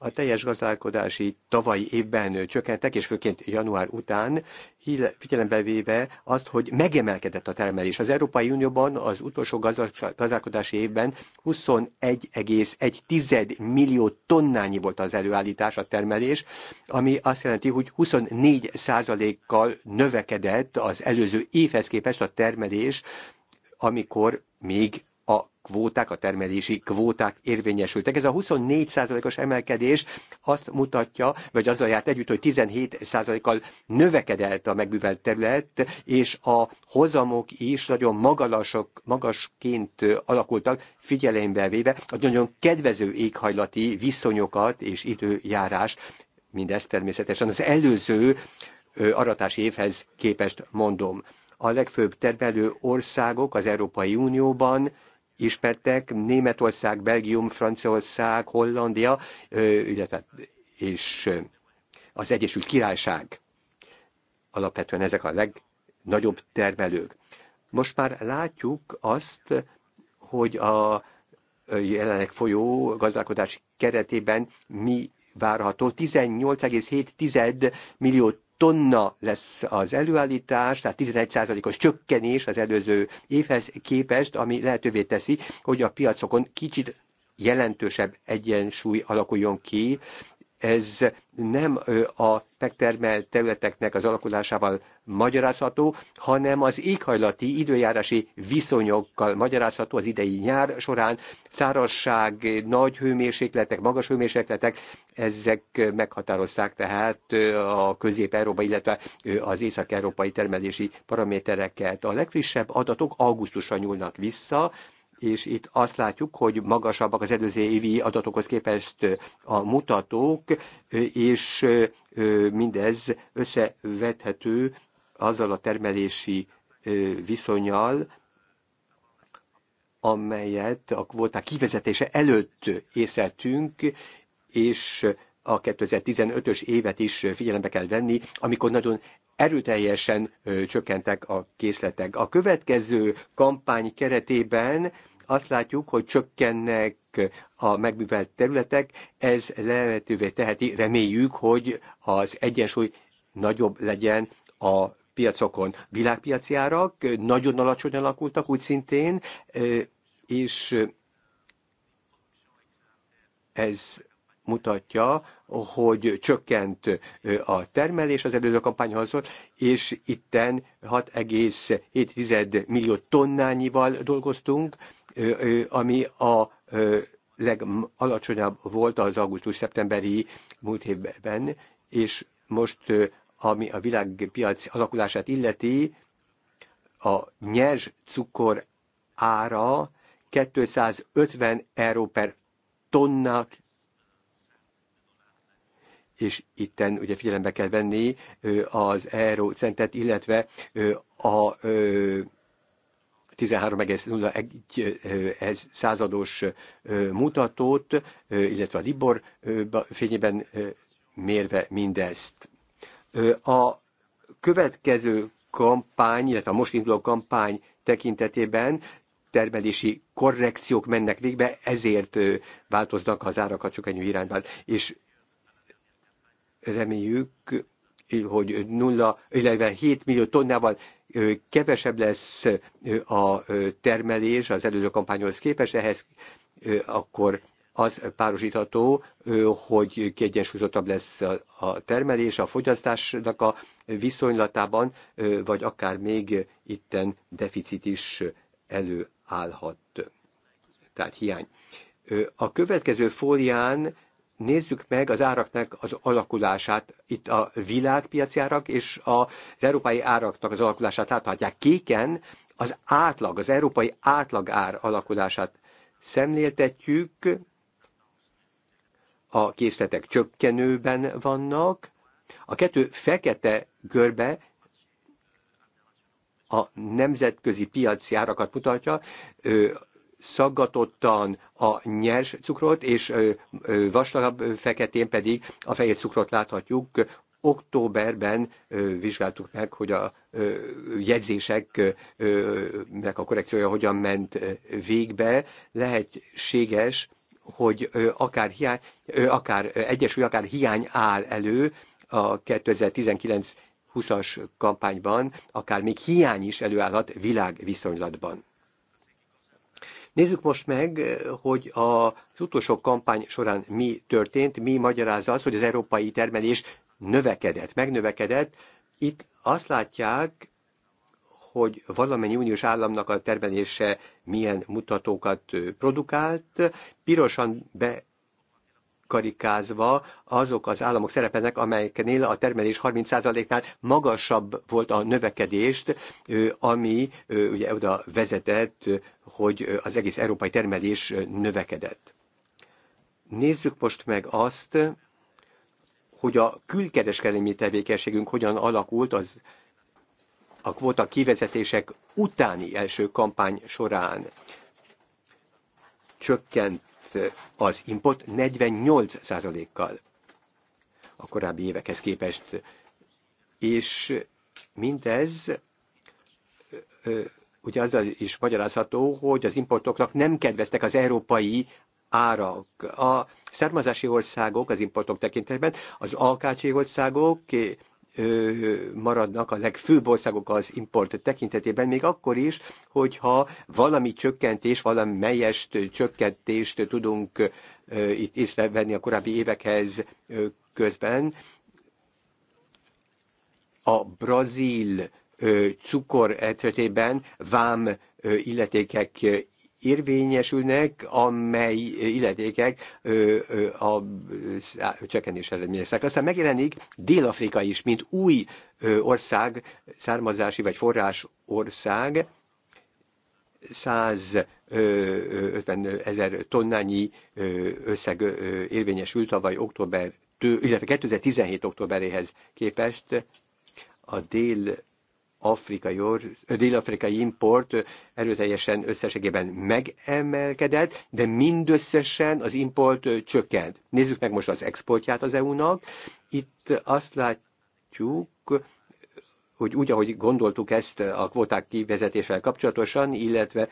a teljes gazdálkodási tavalyi évben csökkentek, és főként január után, figyelembe véve azt, hogy megemelkedett a termelés. Az Európai Unióban az utolsó gazdálkodási évben 21,1 millió tonnányi volt az előállítás, a termelés, ami azt jelenti, hogy 24 százalékkal növekedett az előző évhez képest a termelés, amikor még a kvóták, a termelési kvóták érvényesültek. Ez a 24%-os emelkedés azt mutatja, vagy azzal járt együtt, hogy 17%-kal növekedett a megbűvelt terület, és a hozamok is nagyon magalasok, magasként alakultak, figyelembe véve a nagyon kedvező éghajlati viszonyokat és időjárás. Mindez természetesen az előző aratási évhez képest mondom. A legfőbb termelő országok az Európai Unióban ismertek, Németország, Belgium, Franciaország, Hollandia, illetve és az Egyesült Királyság. Alapvetően ezek a legnagyobb termelők. Most már látjuk azt, hogy a jelenleg folyó gazdálkodás keretében mi várható. 18,7 millió tonna lesz az előállítás, tehát 11%-os csökkenés az előző évhez képest, ami lehetővé teszi, hogy a piacokon kicsit jelentősebb egyensúly alakuljon ki, ez nem a megtermelt területeknek az alakulásával magyarázható, hanem az éghajlati időjárási viszonyokkal magyarázható az idei nyár során. Szárazság, nagy hőmérsékletek, magas hőmérsékletek, ezek meghatározták tehát a közép-európai, illetve az észak-európai termelési paramétereket. A legfrissebb adatok augusztusra nyúlnak vissza, és itt azt látjuk, hogy magasabbak az előző évi adatokhoz képest a mutatók, és mindez összevethető azzal a termelési viszonyal, amelyet a kvóták kivezetése előtt észeltünk, és a 2015-ös évet is figyelembe kell venni, amikor nagyon erőteljesen csökkentek a készletek. A következő kampány keretében azt látjuk, hogy csökkennek a megművelt területek, ez lehetővé teheti, reméljük, hogy az egyensúly nagyobb legyen a piacokon. Világpiaci árak nagyon alacsony alakultak úgy szintén, és ez mutatja, hogy csökkent a termelés az előző kampányhoz, és itten 6,7 millió tonnányival dolgoztunk, ami a legalacsonyabb volt az augusztus-szeptemberi múlt évben, és most ami a világpiac alakulását illeti, a nyers cukor ára 250 euró per tonnak, és itten ugye figyelembe kell venni az eurócentet, illetve a 13,01 százados mutatót, illetve a Libor fényében mérve mindezt. A következő kampány, illetve a most induló kampány tekintetében termelési korrekciók mennek végbe, ezért változnak az árak a csökkenő irányban. És reméljük, hogy nulla, illetve 7 millió tonnával kevesebb lesz a termelés az előző kampányhoz képest, ehhez akkor az párosítható, hogy kiegyensúlyozottabb lesz a termelés, a fogyasztásnak a viszonylatában, vagy akár még itten deficit is előállhat, tehát hiány. A következő fólián nézzük meg az áraknak az alakulását, itt a világpiaci árak és az európai áraknak az alakulását láthatják. Kéken az átlag, az európai átlagár alakulását szemléltetjük, a készletek csökkenőben vannak, a kettő fekete görbe a nemzetközi piaci árakat mutatja, szaggatottan a nyers cukrot, és vastagabb feketén pedig a fehér cukrot láthatjuk. Októberben vizsgáltuk meg, hogy a jegyzéseknek a korrekciója hogyan ment végbe. Lehetséges, hogy akár, hiány, akár egyesül, akár hiány áll elő a 2019 20-as kampányban, akár még hiány is előállhat világviszonylatban. Nézzük most meg, hogy a utolsó kampány során mi történt, mi magyarázza az, hogy az európai termelés növekedett, megnövekedett. Itt azt látják, hogy valamennyi uniós államnak a termelése milyen mutatókat produkált. Pirosan be lekarikázva azok az államok szerepelnek, amelyeknél a termelés 30%-nál magasabb volt a növekedést, ami ugye oda vezetett, hogy az egész európai termelés növekedett. Nézzük most meg azt, hogy a külkereskedelmi tevékenységünk hogyan alakult az a kvóta kivezetések utáni első kampány során csökkent az import 48%-kal a korábbi évekhez képest. És mindez ugye azzal is magyarázható, hogy az importoknak nem kedveztek az európai árak. A származási országok az importok tekintetben, az alkácsi országok maradnak a legfőbb országok az import tekintetében, még akkor is, hogyha valami csökkentés, melyest csökkentést tudunk itt észrevenni a korábbi évekhez közben. A brazil cukor esetében vám illetékek érvényesülnek, amely illetékek a csökkenés eredményeztek. Aztán megjelenik Dél-Afrika is, mint új ország, származási vagy forrás ország, 150 ezer tonnányi összeg érvényesült tavaly október, illetve 2017 októberéhez képest a dél afrikai, dél-afrikai import erőteljesen összességében megemelkedett, de mindösszesen az import csökkent. Nézzük meg most az exportját az EU-nak. Itt azt látjuk, hogy úgy, ahogy gondoltuk ezt a kvóták kivezetésével kapcsolatosan, illetve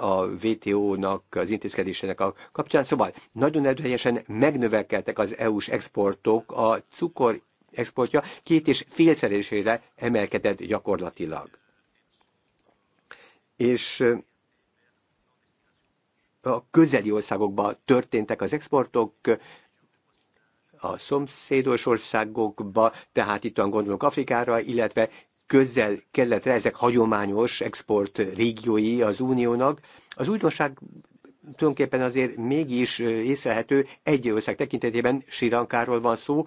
a WTO-nak, az intézkedésének a kapcsán. Szóval nagyon erőteljesen megnövekedtek az EU-s exportok a cukor exportja két és félszeresére emelkedett gyakorlatilag. És a közeli országokba történtek az exportok, a szomszédos országokba, tehát itt gondolunk Afrikára, illetve közel-keletre, ezek hagyományos export régiói az uniónak. Az újdonság tulajdonképpen azért mégis észlelhető egy ország tekintetében Sirankáról van szó,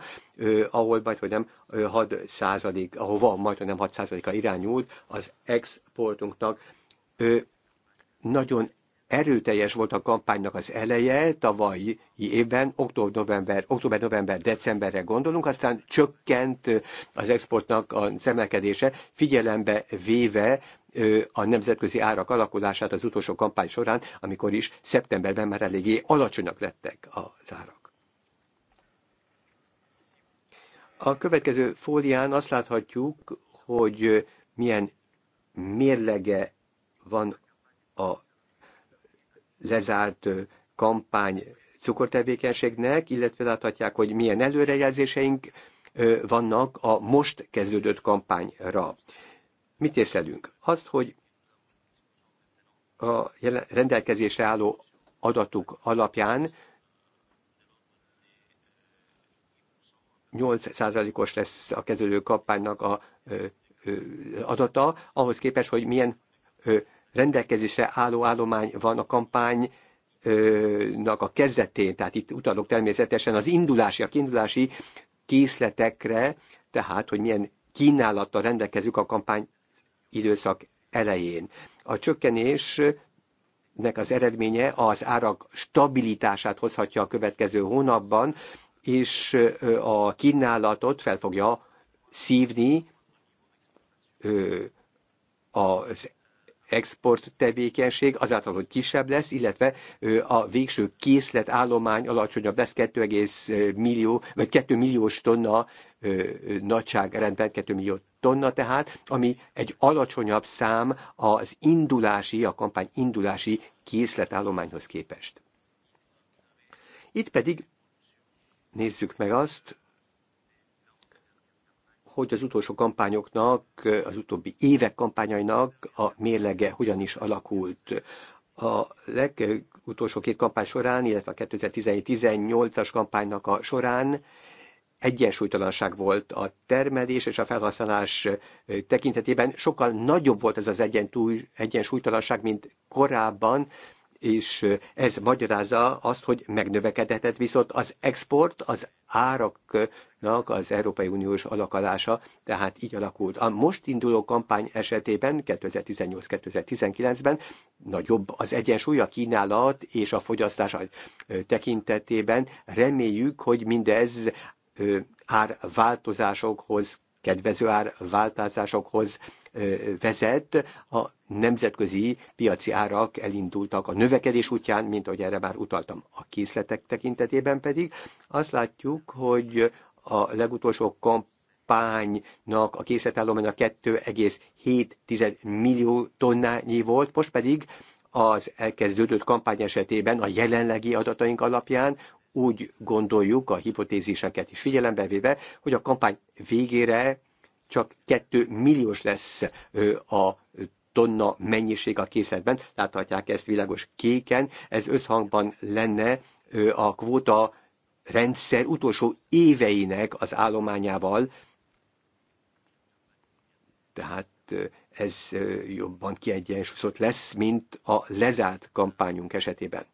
ahol majd, hogy nem 6 ahol ahova majd, hogy nem 6 a irányult az exportunknak. Nagyon erőteljes volt a kampánynak az eleje, tavalyi évben, október-november, október-november-decemberre gondolunk, aztán csökkent az exportnak a szemelkedése, figyelembe véve a nemzetközi árak alakulását az utolsó kampány során, amikor is szeptemberben már eléggé alacsonyak lettek az árak. A következő fólián azt láthatjuk, hogy milyen mérlege van a lezárt kampány cukortevékenységnek, illetve láthatják, hogy milyen előrejelzéseink vannak a most kezdődött kampányra mit észlelünk? Azt, hogy a rendelkezésre álló adatuk alapján 8%-os lesz a kezelő kampánynak a adata, ahhoz képest, hogy milyen rendelkezésre álló állomány van a kampány nak a kezdetén, tehát itt utalok természetesen az indulási, a kiindulási készletekre, tehát hogy milyen kínálattal rendelkezünk a kampány időszak elején. A csökkenés nek az eredménye az árak stabilitását hozhatja a következő hónapban, és a kínálatot fel fogja szívni az export tevékenység azáltal, hogy kisebb lesz, illetve a végső készletállomány alacsonyabb lesz 2, millió, vagy 2 milliós tonna nagyságrendben, 2 millió tonna tehát, ami egy alacsonyabb szám az indulási, a kampány indulási készletállományhoz képest. Itt pedig nézzük meg azt, hogy az utolsó kampányoknak, az utóbbi évek kampányainak a mérlege hogyan is alakult. A legutolsó két kampány során, illetve a 2017-18-as kampánynak a során egyensúlytalanság volt a termelés és a felhasználás tekintetében. Sokkal nagyobb volt ez az egyensúlytalanság, mint korábban, és ez magyarázza azt, hogy megnövekedett viszont az export, az áraknak az Európai Uniós alakalása, tehát így alakult. A most induló kampány esetében 2018-2019-ben nagyobb az egyensúly a kínálat és a fogyasztás tekintetében. Reméljük, hogy mindez árváltozásokhoz, kedvező árváltozásokhoz vezet, a nemzetközi piaci árak elindultak a növekedés útján, mint ahogy erre már utaltam. A készletek tekintetében pedig azt látjuk, hogy a legutolsó kamp pánynak a készletállománya 2,7 millió tonnányi volt, most pedig az elkezdődött kampány esetében a jelenlegi adataink alapján úgy gondoljuk a hipotéziseket is figyelembe véve, hogy a kampány végére csak 2 milliós lesz a tonna mennyiség a készletben, láthatják ezt világos kéken, ez összhangban lenne a kvóta rendszer utolsó éveinek az állományával, tehát ez jobban kiegyensúlyozott lesz, mint a lezárt kampányunk esetében.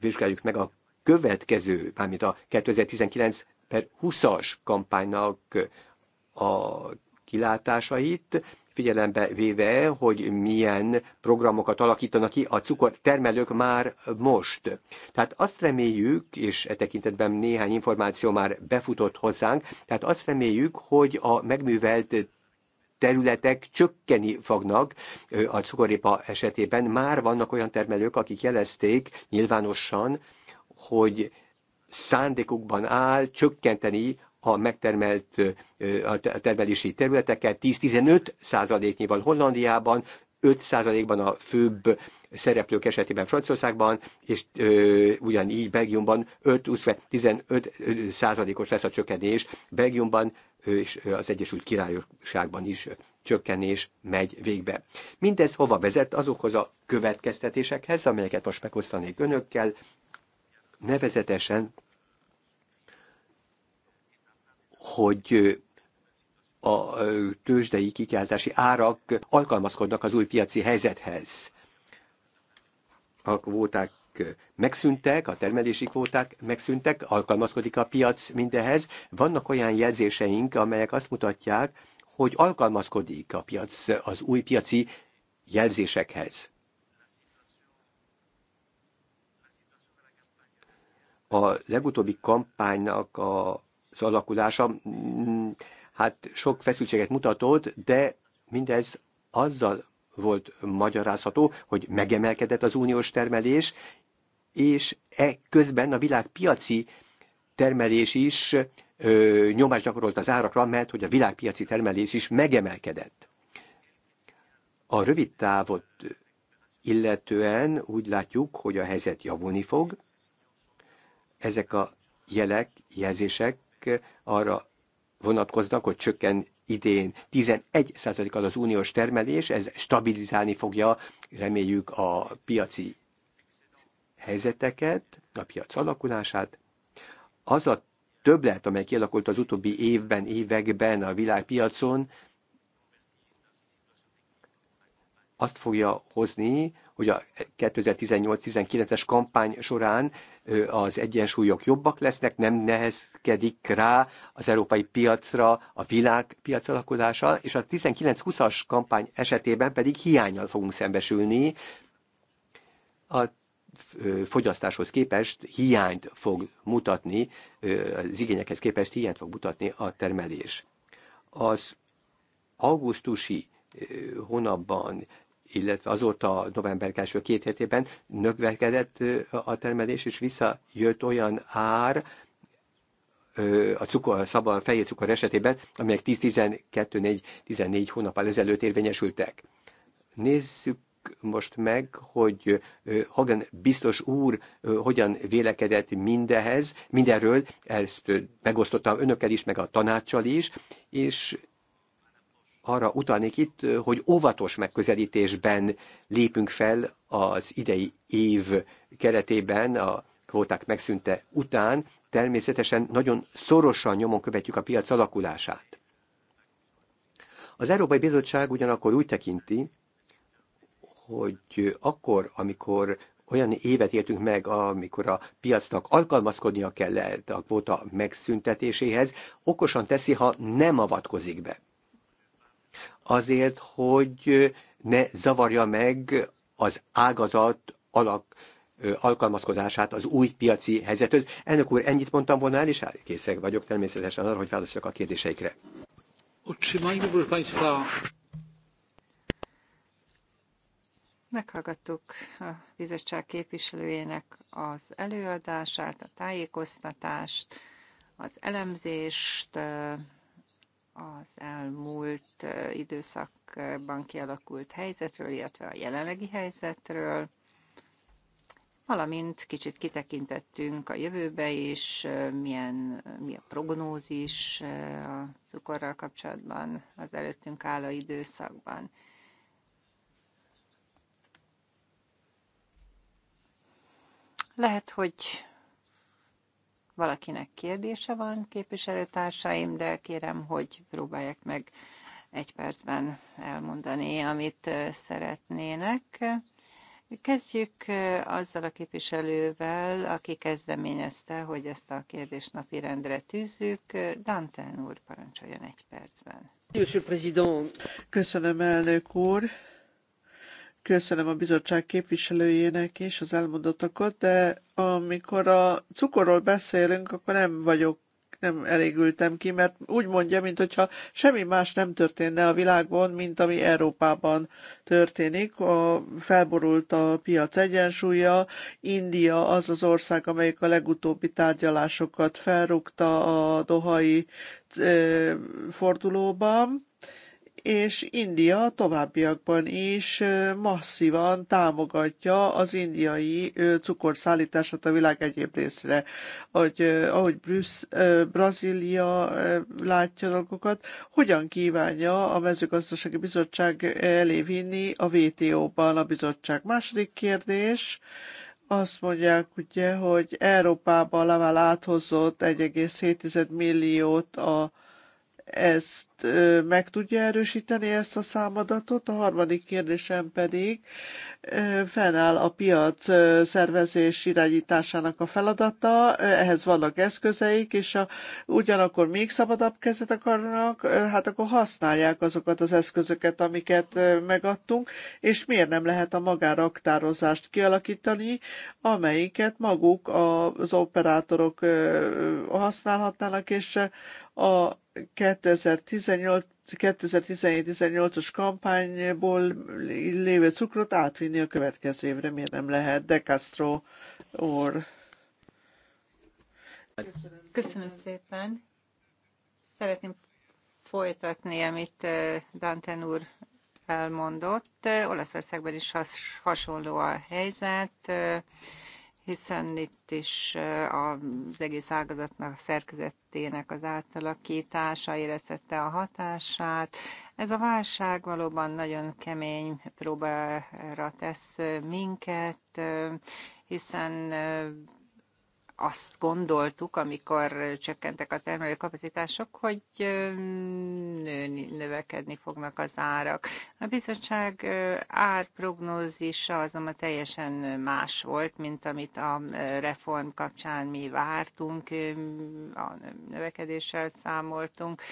Vizsgáljuk meg a következő, mármint a 2019 per 20-as kampánynak a kilátásait, figyelembe véve, hogy milyen programokat alakítanak ki a cukortermelők már most. Tehát azt reméljük, és e tekintetben néhány információ már befutott hozzánk, tehát azt reméljük, hogy a megművelt területek csökkeni fognak a cukorépa esetében. Már vannak olyan termelők, akik jelezték nyilvánosan, hogy szándékukban áll csökkenteni a megtermelt a termelési területeket 10-15 százaléknyival Hollandiában, 5 százalékban a főbb szereplők esetében Franciaországban, és ö, ugyanígy Belgiumban 5-15 százalékos lesz a csökkenés, Belgiumban és az Egyesült Királyságban is csökkenés megy végbe. Mindez hova vezet azokhoz a következtetésekhez, amelyeket most megosztanék önökkel, nevezetesen, hogy a tőzsdei kikázási árak alkalmazkodnak az új piaci helyzethez. A kvóták megszűntek, a termelési kvóták megszűntek, alkalmazkodik a piac mindehez. Vannak olyan jelzéseink, amelyek azt mutatják, hogy alkalmazkodik a piac az új piaci jelzésekhez. a legutóbbi kampánynak a az alakulása, mm, hát sok feszültséget mutatott, de mindez azzal volt magyarázható, hogy megemelkedett az uniós termelés, és e közben a világpiaci termelés is ö, nyomást gyakorolt az árakra, mert hogy a világpiaci termelés is megemelkedett. A rövid távot illetően úgy látjuk, hogy a helyzet javulni fog, ezek a jelek, jelzések arra vonatkoznak, hogy csökken idén 11%-kal az uniós termelés, ez stabilizálni fogja, reméljük, a piaci helyzeteket, a piac alakulását. Az a többlet, amely kialakult az utóbbi évben, években a világpiacon, azt fogja hozni, hogy a 2018-19-es kampány során az egyensúlyok jobbak lesznek, nem nehezkedik rá az európai piacra a világ piac alakulása, és a 19-20-as kampány esetében pedig hiányal fogunk szembesülni a fogyasztáshoz képest hiányt fog mutatni, az igényekhez képest hiányt fog mutatni a termelés. Az augusztusi hónapban illetve azóta november első két hetében növekedett a termelés, és visszajött olyan ár, a, cukor, a szabad a fehér cukor esetében, amelyek 10-12-14 hónappal ezelőtt érvényesültek. Nézzük most meg, hogy Hagen biztos úr hogyan vélekedett mindehez, mindenről, ezt megosztottam önökkel is, meg a tanácsal is, és arra utalnék itt, hogy óvatos megközelítésben lépünk fel az idei év keretében, a kvóták megszűnte után, természetesen nagyon szorosan nyomon követjük a piac alakulását. Az Európai Bizottság ugyanakkor úgy tekinti, hogy akkor, amikor olyan évet éltünk meg, amikor a piacnak alkalmazkodnia kellett a kvóta megszüntetéséhez, okosan teszi, ha nem avatkozik be azért, hogy ne zavarja meg az ágazat alak alkalmazkodását az új piaci helyzethez. Elnök úr, ennyit mondtam volna el, és készek vagyok természetesen arra, hogy válaszoljak a kérdéseikre. Meghallgattuk a bizottság képviselőjének az előadását, a tájékoztatást, az elemzést, az elmúlt időszakban kialakult helyzetről, illetve a jelenlegi helyzetről, valamint kicsit kitekintettünk a jövőbe is, milyen, mi a prognózis a cukorral kapcsolatban az előttünk álló időszakban. Lehet, hogy valakinek kérdése van, képviselőtársaim, de kérem, hogy próbálják meg egy percben elmondani, amit szeretnének. Kezdjük azzal a képviselővel, aki kezdeményezte, hogy ezt a kérdést napi rendre tűzzük. Dantán úr, parancsoljon egy percben. Köszönöm, elnök úr. Köszönöm a bizottság képviselőjének is az elmondottakat, de amikor a cukorról beszélünk, akkor nem vagyok nem elégültem ki, mert úgy mondja, mintha semmi más nem történne a világon, mint ami Európában történik. A, felborult a piac egyensúlya, India az az ország, amelyik a legutóbbi tárgyalásokat felrúgta a dohai e, fordulóban, és India továbbiakban is masszívan támogatja az indiai cukorszállítását a világ egyéb részre. Hogy, ahogy Brüssz, Brazília látja dolgokat, hogyan kívánja a mezőgazdasági bizottság elé vinni a WTO-ban a bizottság. Második kérdés, azt mondják ugye, hogy Európában level áthozott 1,7 milliót a ezt meg tudja erősíteni ezt a számadatot? A harmadik kérdésem pedig fennáll a piac szervezés irányításának a feladata, ehhez vannak eszközeik, és a, ugyanakkor még szabadabb kezet akarnak, hát akkor használják azokat az eszközöket, amiket megadtunk, és miért nem lehet a magáraktározást kialakítani, amelyiket maguk az operátorok használhatnának, és a 2018 2017-18-os kampányból lévő cukrot átvinni a következő évre, miért nem lehet? De Castro úr. Köszönöm, Köszönöm szépen. Szeretném folytatni, amit eh, Danten úr elmondott. Olaszországban is has, hasonló a helyzet. Eh, hiszen itt is az egész ágazatnak, szerkezetének az átalakítása érezhette a hatását. Ez a válság valóban nagyon kemény próbára tesz minket, hiszen azt gondoltuk, amikor csökkentek a termelőkapacitások, hogy nőni, növekedni fognak az árak. A bizottság árprognózisa azonban teljesen más volt, mint amit a reform kapcsán mi vártunk, a növekedéssel számoltunk.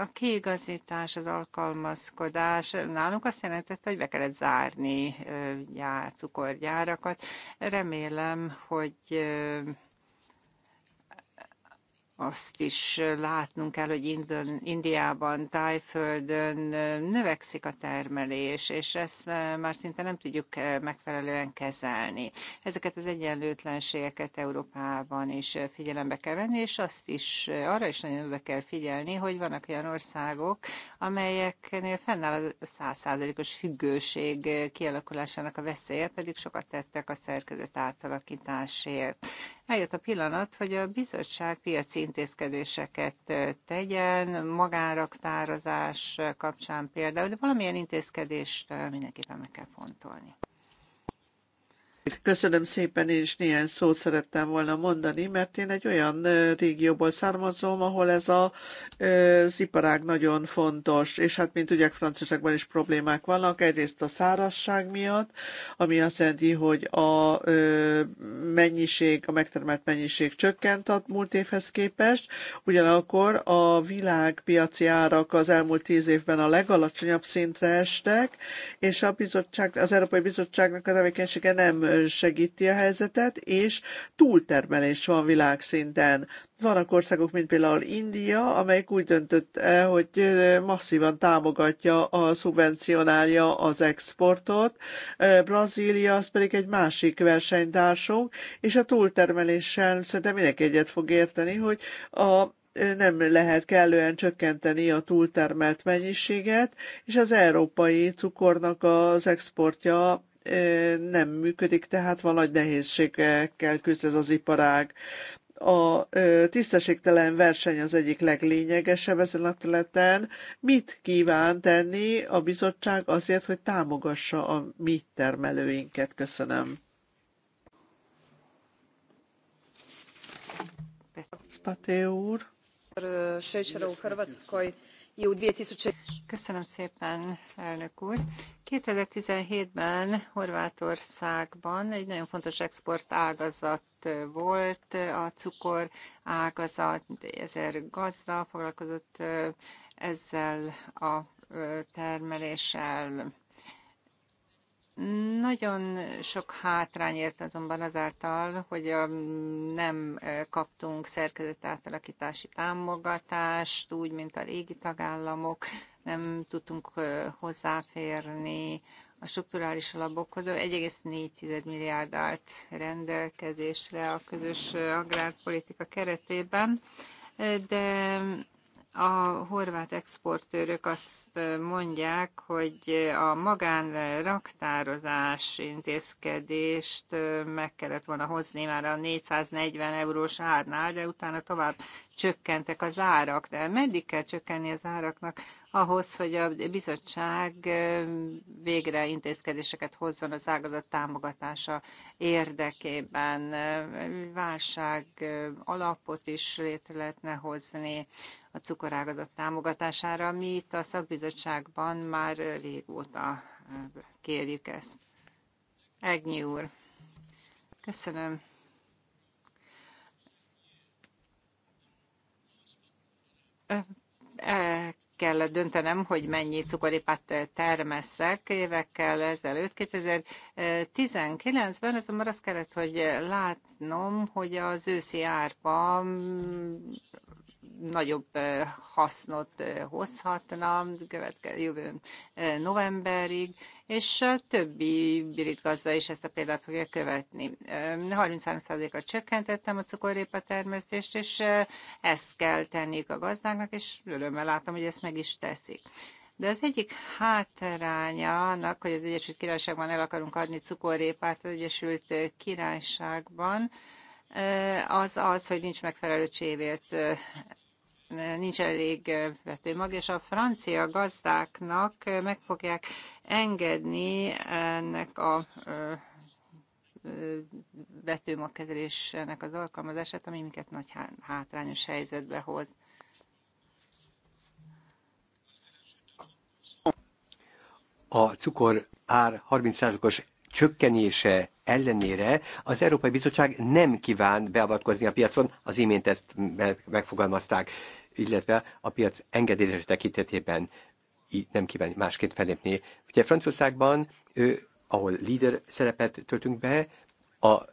A kiigazítás, az alkalmazkodás nálunk azt jelentette, hogy be kellett zárni gyár, cukorgyárakat. Remélem, hogy azt is látnunk kell, hogy Indiában, Tájföldön növekszik a termelés, és ezt már szinte nem tudjuk megfelelően kezelni. Ezeket az egyenlőtlenségeket Európában is figyelembe kell venni, és azt is, arra is nagyon oda kell figyelni, hogy vannak olyan országok, amelyeknél fennáll a százszázalékos függőség kialakulásának a veszélye, pedig sokat tettek a szerkezet átalakításért eljött a pillanat, hogy a bizottság piaci intézkedéseket tegyen, magánraktározás kapcsán például, de valamilyen intézkedést mindenképpen meg kell fontolni. Köszönöm szépen, én is néhány szót szerettem volna mondani, mert én egy olyan régióból származom, ahol ez a, az iparág nagyon fontos, és hát, mint tudják, Franciaországban is problémák vannak, egyrészt a szárazság miatt, ami azt jelenti, hogy a mennyiség, a megtermelt mennyiség csökkent a múlt évhez képest, ugyanakkor a világpiaci árak az elmúlt tíz évben a legalacsonyabb szintre estek, és a bizottság, az Európai Bizottságnak a tevékenysége nem segíti a helyzetet, és túltermelés van világszinten. Vannak országok, mint például India, amelyik úgy döntött el, hogy masszívan támogatja, a szubvencionálja az exportot. Brazília az pedig egy másik versenytársunk, és a túltermeléssel szerintem mindenki egyet fog érteni, hogy a nem lehet kellően csökkenteni a túltermelt mennyiséget, és az európai cukornak az exportja nem működik, tehát van nagy nehézségekkel küzd ez az iparág. A tisztességtelen verseny az egyik leglényegesebb ezen a területen. Mit kíván tenni a bizottság azért, hogy támogassa a mi termelőinket? Köszönöm. Spate úr. Šećera Hrvatskoj Köszönöm szépen, elnök 2017-ben Horvátországban egy nagyon fontos exportágazat volt a cukorágazat, ágazat, ezer gazda foglalkozott ezzel a termeléssel nagyon sok hátrány ért azonban azáltal, hogy nem kaptunk átalakítási támogatást, úgy, mint a régi tagállamok, nem tudtunk hozzáférni a strukturális alapokhoz, 1,4 milliárd állt rendelkezésre a közös agrárpolitika keretében, de a horvát exportőrök azt mondják, hogy a magán raktározás intézkedést meg kellett volna hozni már a 440 eurós árnál, de utána tovább csökkentek az árak. De meddig kell csökkenni az áraknak ahhoz, hogy a bizottság végre intézkedéseket hozzon az ágazat támogatása érdekében. Válság alapot is létre lehetne hozni a cukorágazat támogatására. Mi itt a szakbizottságban már régóta kérjük ezt. Egnyi úr. Köszönöm. E, kellett döntenem, hogy mennyi cukoripát termeszek évekkel ezelőtt. 2019-ben azonban azt kellett, hogy látnom, hogy az őszi árpa nagyobb hasznot hozhatna következő jövő novemberig, és többi brit gazda is ezt a példát fogja követni. 33 a csökkentettem a cukorrépa termesztést, és ezt kell tenniük a gazdáknak, és örömmel látom, hogy ezt meg is teszik. De az egyik hátránya annak, hogy az Egyesült Királyságban el akarunk adni cukorrépát az Egyesült Királyságban, az az, hogy nincs megfelelő csévért nincs elég vetőmag, és a francia gazdáknak meg fogják engedni ennek a vetőmagkezelésnek az alkalmazását, ami minket nagy hátrányos helyzetbe hoz. A cukor ár 30%-os csökkenése ellenére az Európai Bizottság nem kíván beavatkozni a piacon, az imént ezt megfogalmazták illetve a piac engedélyezése tekintetében nem kíván másként felépni. Ugye Franciaországban, ahol líder szerepet töltünk be, a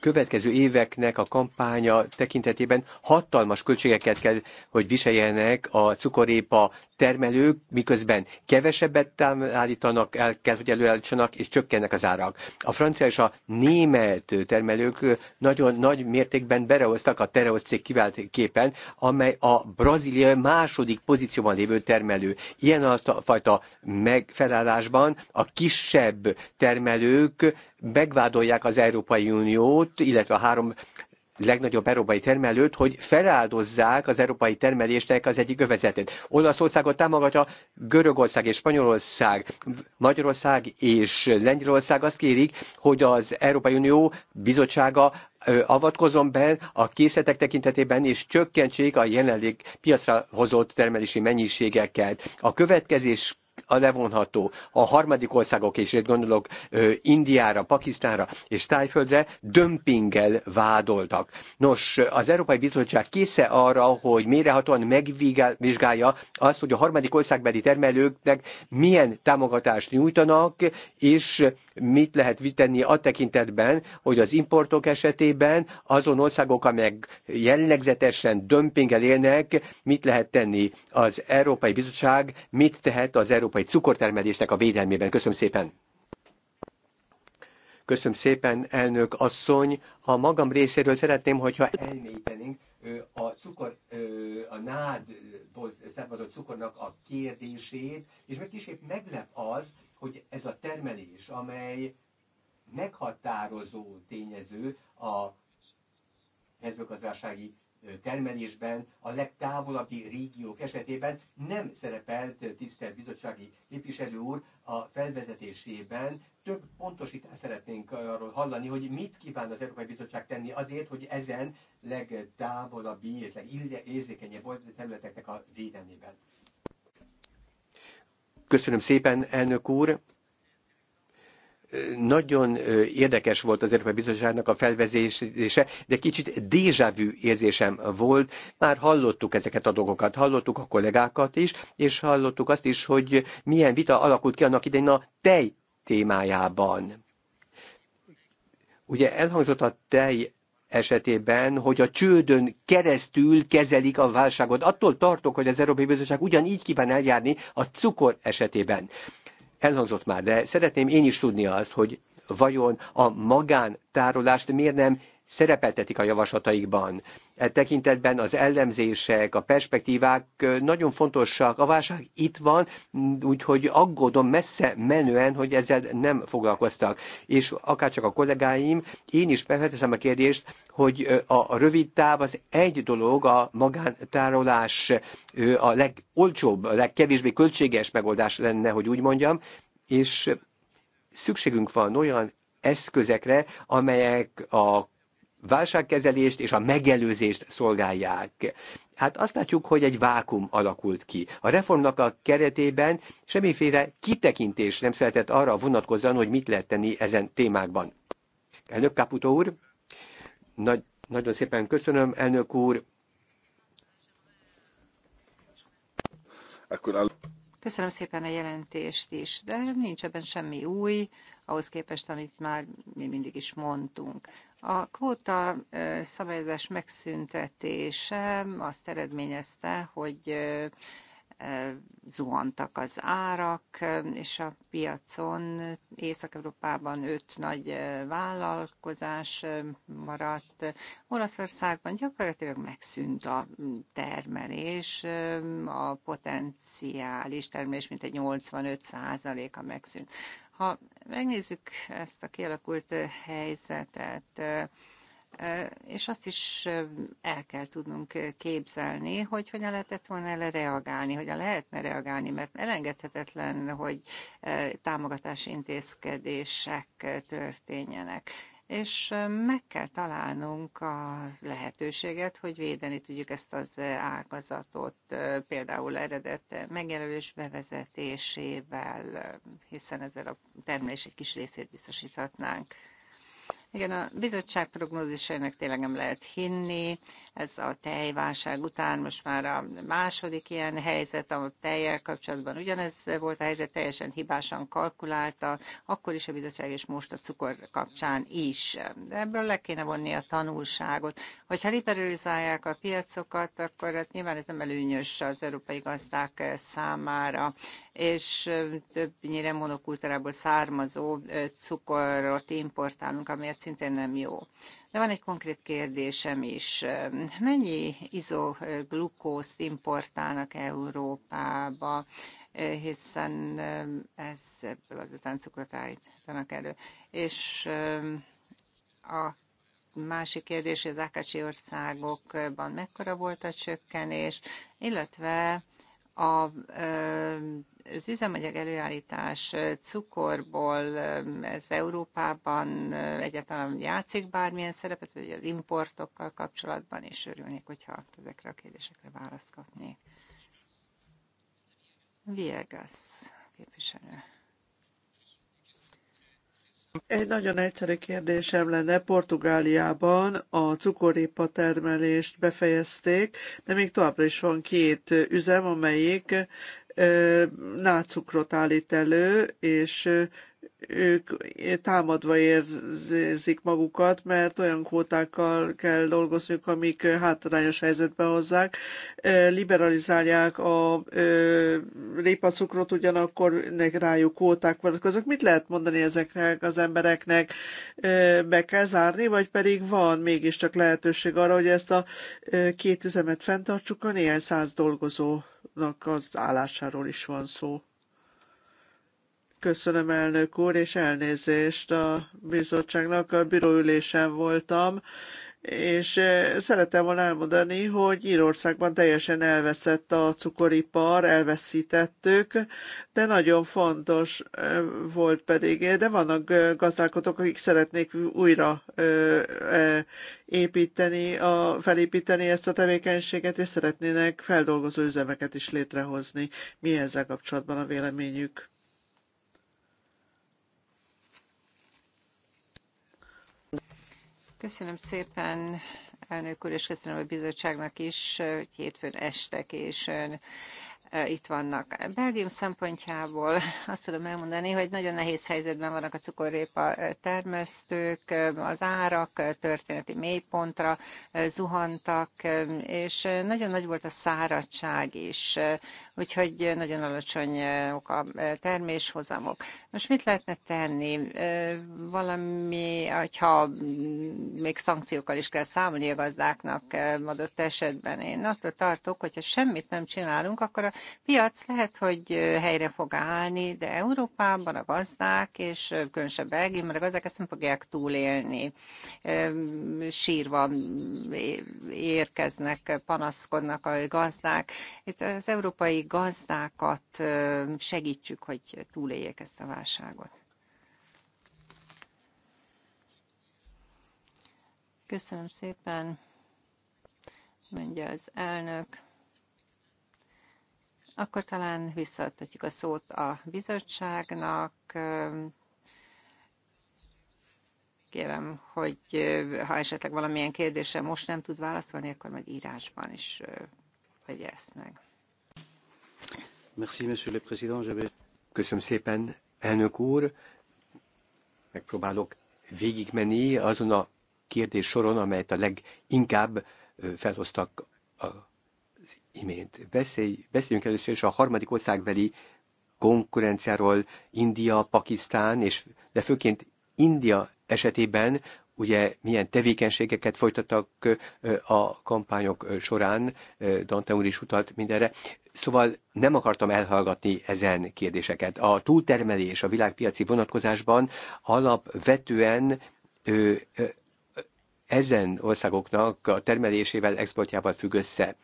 következő éveknek a kampánya tekintetében hatalmas költségeket kell, hogy viseljenek a cukorépa termelők, miközben kevesebbet állítanak, el kell, hogy előállítsanak, és csökkennek az árak. A francia és a német termelők nagyon nagy mértékben berehoztak a Tereos cég kiváltképpen, amely a Brazília második pozícióban lévő termelő. Ilyen a fajta megfelelásban a kisebb termelők megvádolják az Európai Uniót, illetve a három legnagyobb európai termelőt, hogy feláldozzák az európai termelésnek az egyik övezetét. Olaszországot támogatja Görögország és Spanyolország, Magyarország és Lengyelország azt kérik, hogy az Európai Unió bizottsága avatkozom be a készletek tekintetében, és csökkentsék a jelenleg piacra hozott termelési mennyiségeket. A következés a levonható. A harmadik országok, és itt gondolok Indiára, Pakisztánra és Tájföldre, dömpinggel vádoltak. Nos, az Európai Bizottság késze arra, hogy mérehatóan megvizsgálja azt, hogy a harmadik országbeli termelőknek milyen támogatást nyújtanak, és mit lehet vitenni a tekintetben, hogy az importok esetében azon országok, amelyek jellegzetesen dömpingel élnek, mit lehet tenni. Az Európai Bizottság mit tehet az Európai európai cukortermelésnek a védelmében. Köszönöm szépen! Köszönöm szépen, elnök asszony. A magam részéről szeretném, hogyha elmélyítenénk a cukor, a nádból származó cukornak a kérdését, és meg kicsit meglep az, hogy ez a termelés, amely meghatározó tényező a mezőgazdasági termelésben a legtávolabbi régiók esetében nem szerepelt tisztelt bizottsági képviselő úr a felvezetésében. Több pontosítást szeretnénk arról hallani, hogy mit kíván az Európai Bizottság tenni azért, hogy ezen legtávolabbi és a területeknek a védelmében. Köszönöm szépen, elnök úr! Nagyon érdekes volt az Európai Bizottságnak a felvezése, de kicsit vu érzésem volt. Már hallottuk ezeket a dolgokat, hallottuk a kollégákat is, és hallottuk azt is, hogy milyen vita alakult ki annak idején a tej témájában. Ugye elhangzott a tej esetében, hogy a csődön keresztül kezelik a válságot. Attól tartok, hogy az Európai Bizottság ugyanígy kíván eljárni a cukor esetében elhangzott már, de szeretném én is tudni azt, hogy vajon a magántárolást miért nem szerepeltetik a javaslataikban. E tekintetben az ellenzések, a perspektívák nagyon fontosak. A válság itt van, úgyhogy aggódom messze menően, hogy ezzel nem foglalkoztak. És akárcsak a kollégáim, én is felteszem a kérdést, hogy a rövid táv az egy dolog, a magántárolás a legolcsóbb, a legkevésbé költséges megoldás lenne, hogy úgy mondjam, és szükségünk van olyan eszközekre, amelyek a válságkezelést és a megelőzést szolgálják. Hát azt látjuk, hogy egy vákum alakult ki. A reformnak a keretében semmiféle kitekintés nem szeretett arra vonatkozóan, hogy mit lehet tenni ezen témákban. Elnök Kaputó úr, nagy, nagyon szépen köszönöm, elnök úr. Köszönöm szépen a jelentést is, de nincs ebben semmi új, ahhoz képest, amit már mi mindig is mondtunk. A kvóta szabályozás megszüntetése azt eredményezte, hogy zuhantak az árak, és a piacon Észak-Európában öt nagy vállalkozás maradt. Olaszországban gyakorlatilag megszűnt a termelés, a potenciális termelés mintegy 85%-a megszűnt. Ha megnézzük ezt a kialakult helyzetet, és azt is el kell tudnunk képzelni, hogy hogyan lehetett volna erre reagálni, hogyan lehetne reagálni, mert elengedhetetlen, hogy támogatási intézkedések történjenek és meg kell találnunk a lehetőséget, hogy védeni tudjuk ezt az ágazatot, például eredet megjelölés bevezetésével, hiszen ezzel a termelés egy kis részét biztosíthatnánk. Igen, a bizottság prognózisainak tényleg nem lehet hinni. Ez a tejválság után most már a második ilyen helyzet a tejjel kapcsolatban. Ugyanez volt a helyzet, teljesen hibásan kalkulálta, akkor is a bizottság, és most a cukor kapcsán is. De ebből le kéne vonni a tanulságot. Hogyha liberalizálják a piacokat, akkor hát nyilván ez nem előnyös az európai gazdák számára, és többnyire monokultúrából származó cukorot importálunk, ami a szintén nem jó. De van egy konkrét kérdésem is. Mennyi izoglukózt importálnak Európába, hiszen ez um, ebből után cukrot állítanak elő. És um, a másik kérdés, az Ákácsi országokban mekkora volt a csökkenés, illetve a, az üzemanyag előállítás cukorból ez Európában egyáltalán játszik bármilyen szerepet, vagy az importokkal kapcsolatban, és örülnék, hogyha ezekre a kérdésekre választ kapnék. Viegas képviselő. Egy nagyon egyszerű kérdésem lenne. Portugáliában a cukorépa termelést befejezték, de még továbbra is van két üzem, amelyik nácukrot állít elő, és ők támadva érzik magukat, mert olyan kvótákkal kell dolgozniuk, amik hátrányos helyzetbe hozzák. Liberalizálják a lépacukrot, ugyanakkor rájuk kvóták vonatkoznak. Mit lehet mondani ezeknek az embereknek? Be kell zárni, vagy pedig van mégiscsak lehetőség arra, hogy ezt a két üzemet fenntartsuk, a néhány száz dolgozónak az állásáról is van szó. Köszönöm, elnök úr, és elnézést a bizottságnak. A bíróülésen voltam, és eh, szeretem volna elmondani, hogy Írországban teljesen elveszett a cukoripar, elveszítettük, de nagyon fontos eh, volt pedig, eh, de vannak gazdálkodók, akik szeretnék újra építeni, a, felépíteni ezt a tevékenységet, és szeretnének feldolgozó üzemeket is létrehozni. Mi ezzel kapcsolatban a véleményük? Köszönöm szépen, elnök úr, és köszönöm a bizottságnak is, hogy hétfőn este későn e, itt vannak. Belgium szempontjából azt tudom elmondani, hogy nagyon nehéz helyzetben vannak a cukorrépa e, termesztők, e, az árak történeti mélypontra zuhantak, és nagyon nagy volt a száradság is úgyhogy nagyon alacsonyok eh, a eh, terméshozamok. Most mit lehetne tenni? Eh, valami, ha mm, még szankciókkal is kell számolni a gazdáknak adott esetben. Én attól tartok, hogyha semmit nem csinálunk, akkor a piac lehet, hogy helyre fog állni, de Európában a gazdák, és Belgium, mert a gazdák ezt nem fogják túlélni. Sírva mm, érkeznek, panaszkodnak a gazdák. Itt az európai gazdákat segítsük, hogy túléljék ezt a válságot. Köszönöm szépen, mondja az elnök. Akkor talán visszaadhatjuk a szót a bizottságnak. Kérem, hogy ha esetleg valamilyen kérdésre most nem tud válaszolni, akkor majd írásban is tegye ezt meg. Merci, monsieur le président. Je Köszönöm szépen, elnök úr. Megpróbálok végigmenni azon a kérdés soron, amelyet a leginkább felhoztak az imént. Beszélj, beszéljünk először is a harmadik országbeli konkurenciáról India, Pakisztán, és, de főként India esetében ugye milyen tevékenységeket folytattak a kampányok során, Dante úr is utalt mindenre. Szóval nem akartam elhallgatni ezen kérdéseket. A túltermelés a világpiaci vonatkozásban alapvetően ö, ö, ezen országoknak a termelésével, exportjával függ össze.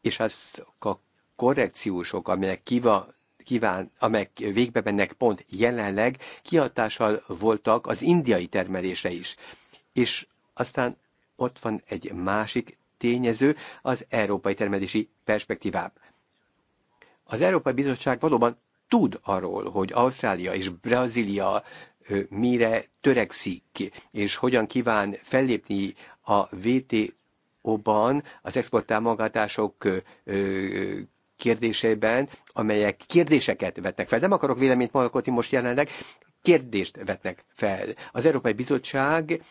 És azok a korrekciósok, amelyek kiva kíván, amelyek végbe mennek pont jelenleg, kihatással voltak az indiai termelése is. És aztán ott van egy másik tényező, az európai termelési perspektívában. Az Európai Bizottság valóban tud arról, hogy Ausztrália és Brazília mire törekszik, és hogyan kíván fellépni a vto ban az exporttámogatások kérdésében, amelyek kérdéseket vetnek fel. Nem akarok véleményt alkotni most jelenleg, kérdést vetnek fel. Az Európai Bizottság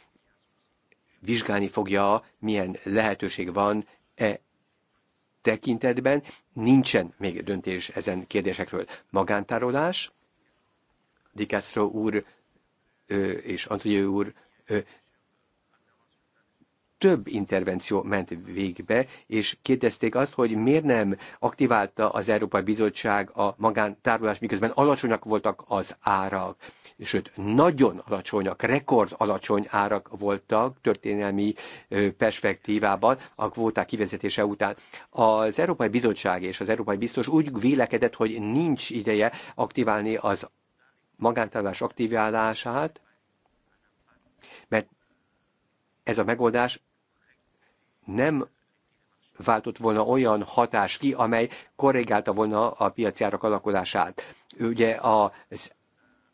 vizsgálni fogja, milyen lehetőség van e tekintetben nincsen még döntés ezen kérdésekről. Magántárolás, Di úr úr és Antonyő úr több intervenció ment végbe, és kérdezték azt, hogy miért nem aktiválta az Európai Bizottság a magántárolás, miközben alacsonyak voltak az árak, sőt, nagyon alacsonyak, rekord alacsony árak voltak történelmi perspektívában a kvóták kivezetése után. Az Európai Bizottság és az Európai Biztos úgy vélekedett, hogy nincs ideje aktiválni az magántárolás aktiválását, mert ez a megoldás nem váltott volna olyan hatás ki, amely korrigálta volna a piaci árak alakulását. Ugye a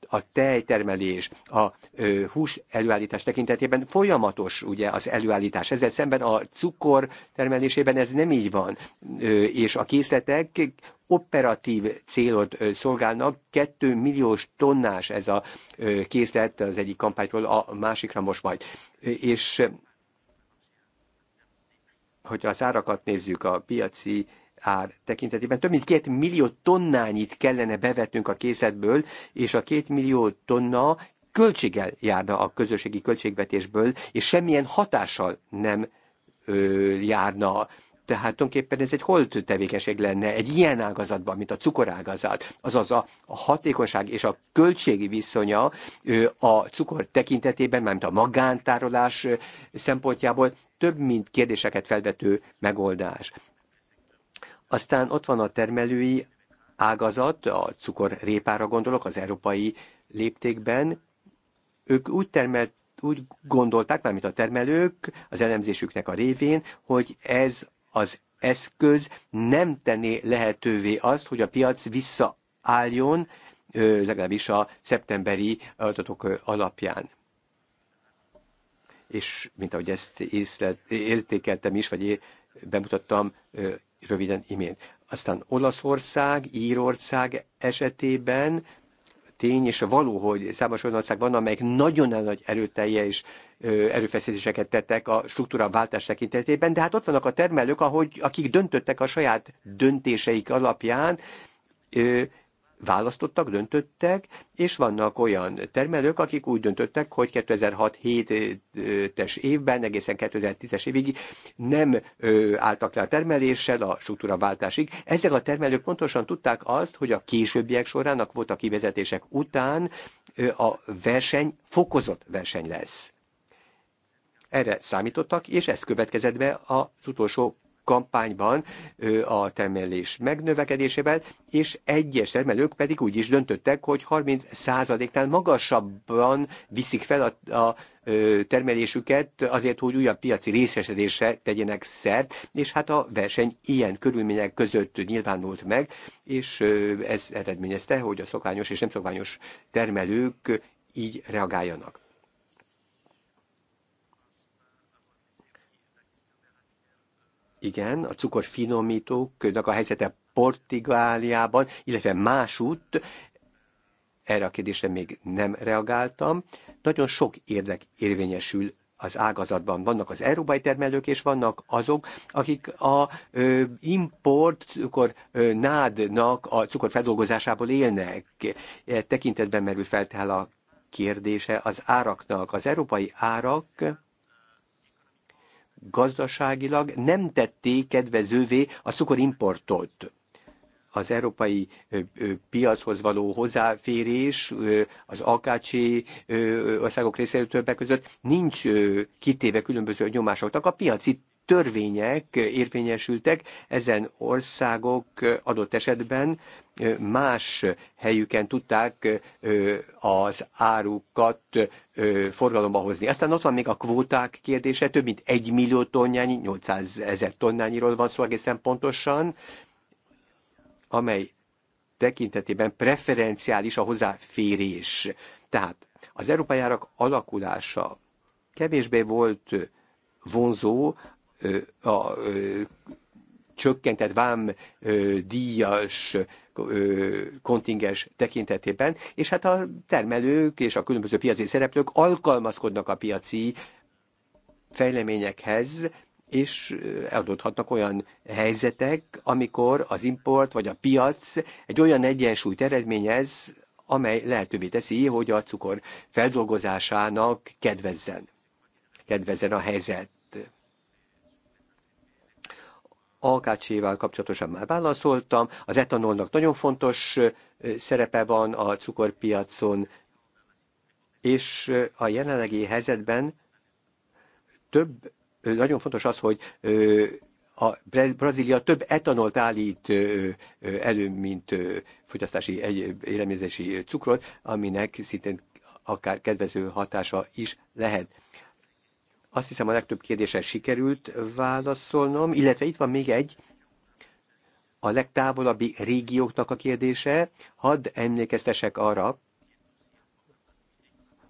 a tejtermelés, a ö, hús előállítás tekintetében folyamatos ugye az előállítás. Ezzel szemben a cukor termelésében ez nem így van, ö, és a készletek operatív célot ö, szolgálnak, Kettő milliós tonnás ez a ö, készlet az egyik kampányról a másikra most majd. És hogy az árakat nézzük a piaci ár tekintetében több mint két millió tonnányit kellene bevetnünk a készletből, és a két millió tonna költséggel járna a közösségi költségvetésből, és semmilyen hatással nem ö, járna tehát tulajdonképpen ez egy holt tevékenység lenne egy ilyen ágazatban, mint a cukorágazat. Azaz a, hatékonyság és a költségi viszonya a cukor tekintetében, mármint a magántárolás szempontjából több mint kérdéseket felvető megoldás. Aztán ott van a termelői ágazat, a répára gondolok, az európai léptékben. Ők úgy termelt úgy gondolták, mármint a termelők az elemzésüknek a révén, hogy ez az eszköz nem tenné lehetővé azt, hogy a piac visszaálljon, legalábbis a szeptemberi adatok alapján. És mint ahogy ezt észlelt, értékeltem is, vagy bemutattam röviden imént. Aztán Olaszország, Írország esetében tény, és való, hogy számos olyan ország van, amelyek nagyon nagy erőteljes erőfeszítéseket tettek a struktúra váltás tekintetében, de hát ott vannak a termelők, ahogy, akik döntöttek a saját döntéseik alapján, választottak, döntöttek, és vannak olyan termelők, akik úgy döntöttek, hogy 2006-7-es évben, egészen 2010-es évig nem ö, álltak le a termeléssel a váltásig. Ezek a termelők pontosan tudták azt, hogy a későbbiek során, a kvóta kivezetések után ö, a verseny fokozott verseny lesz erre számítottak, és ez következett be az utolsó kampányban a termelés megnövekedésével, és egyes termelők pedig úgy is döntöttek, hogy 30%-nál magasabban viszik fel a, a termelésüket azért, hogy újabb piaci részesedésre tegyenek szert, és hát a verseny ilyen körülmények között nyilvánult meg, és ez eredményezte, hogy a szokványos és nem szokványos termelők így reagáljanak. Igen, a cukor cukorfinomítóknak a helyzete Portugáliában, illetve másút, erre a kérdésre még nem reagáltam, nagyon sok érdek érvényesül az ágazatban. Vannak az európai termelők, és vannak azok, akik a ö, import cukor ö, nádnak a cukor feldolgozásából élnek. E tekintetben merül fel a kérdése az áraknak. Az európai árak gazdaságilag nem tették kedvezővé a cukorimportot az európai piachoz való hozzáférés az AKC országok részéről többek között nincs kitéve különböző nyomásoknak a piaci törvények érvényesültek, ezen országok adott esetben más helyüken tudták az árukat forgalomba hozni. Aztán ott van még a kvóták kérdése, több mint egy millió tonnányi, 800 ezer tonnányiról van szó egészen pontosan, amely tekintetében preferenciális a hozzáférés. Tehát az európai árak alakulása kevésbé volt vonzó a csökkentett vám díjas kontingens tekintetében, és hát a termelők és a különböző piaci szereplők alkalmazkodnak a piaci fejleményekhez, és adódhatnak olyan helyzetek, amikor az import vagy a piac egy olyan egyensúlyt eredményez, amely lehetővé teszi, hogy a cukor feldolgozásának kedvezzen. Kedvezzen a helyzet. alkácsével kapcsolatosan már válaszoltam. Az etanolnak nagyon fontos szerepe van a cukorpiacon, és a jelenlegi helyzetben több, nagyon fontos az, hogy a Brazília több etanolt állít elő, mint fogyasztási élelmezési cukrot, aminek szintén akár kedvező hatása is lehet. Azt hiszem a legtöbb kérdésre sikerült válaszolnom, illetve itt van még egy, a legtávolabbi régióknak a kérdése. Hadd emlékeztesek arra,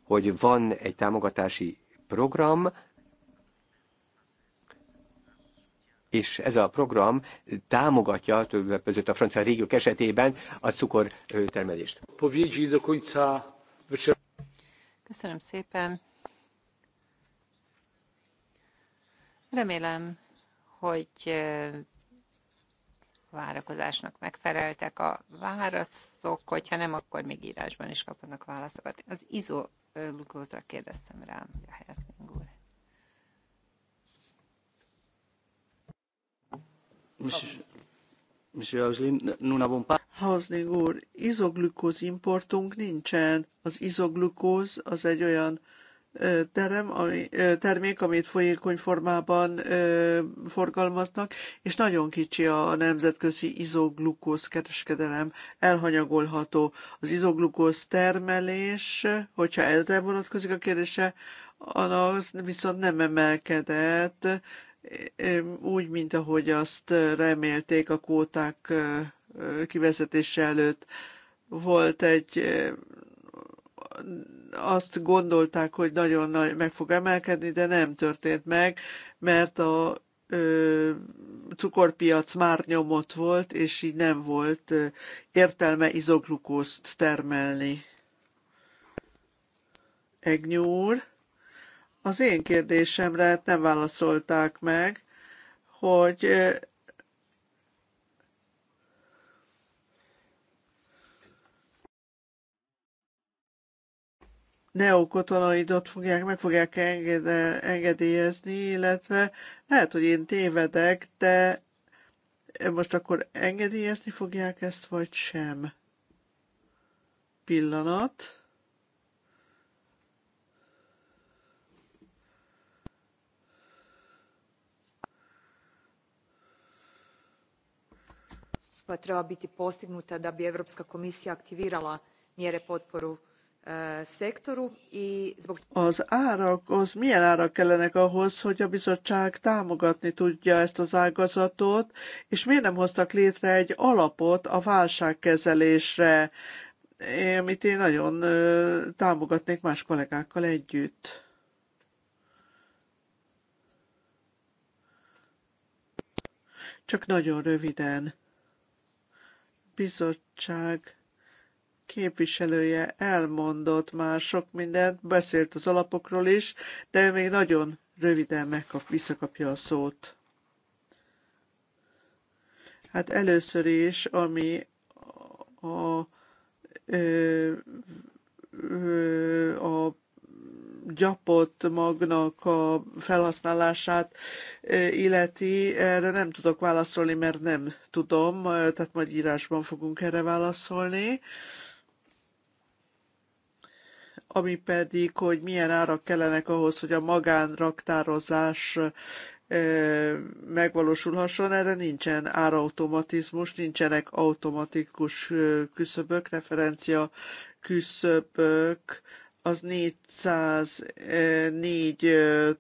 hogy van egy támogatási program, és ez a program támogatja többek között a francia régiók esetében a cukortermelést. Köszönöm szépen. Remélem, hogy várakozásnak megfeleltek a válaszok, hogyha nem, akkor még írásban is kapnak válaszokat. Az izoglukózra kérdeztem rám, hogy a Hertling úr. Hausling úr, izoglukóz importunk nincsen. Az izoglukóz az egy olyan terem, ami, termék, amit folyékony formában forgalmaznak, és nagyon kicsi a nemzetközi izoglukóz kereskedelem, elhanyagolható. Az izoglukóz termelés, hogyha ezre vonatkozik a kérdése, az viszont nem emelkedett, úgy, mint ahogy azt remélték a kóták kivezetése előtt. Volt egy azt gondolták, hogy nagyon nagy, meg fog emelkedni, de nem történt meg, mert a ö, cukorpiac már nyomott volt, és így nem volt ö, értelme izoglukózt termelni. Egnyúr, az én kérdésemre nem válaszolták meg, hogy neokotonoidot fogják, meg fogják enged- engedélyezni, illetve lehet, hogy én tévedek, de most akkor engedélyezni fogják ezt, vagy sem? Pillanat. treba biti postignuta da bi europska komisija aktivirala mjere potporu szektoru. Az árak, az milyen árak kellenek ahhoz, hogy a bizottság támogatni tudja ezt az ágazatot, és miért nem hoztak létre egy alapot a válságkezelésre, amit én nagyon támogatnék más kollégákkal együtt. Csak nagyon röviden. Bizottság képviselője elmondott már sok mindent, beszélt az alapokról is, de még nagyon röviden megkap, visszakapja a szót. Hát először is, ami a, a, a, a gyapott magnak a felhasználását illeti, erre nem tudok válaszolni, mert nem tudom, tehát majd írásban fogunk erre válaszolni. Ö, ami pedig, hogy milyen árak kellenek ahhoz, hogy a magánraktározás megvalósulhasson. Erre nincsen árautomatizmus, nincsenek automatikus küszöbök, referencia küszöbök, az 404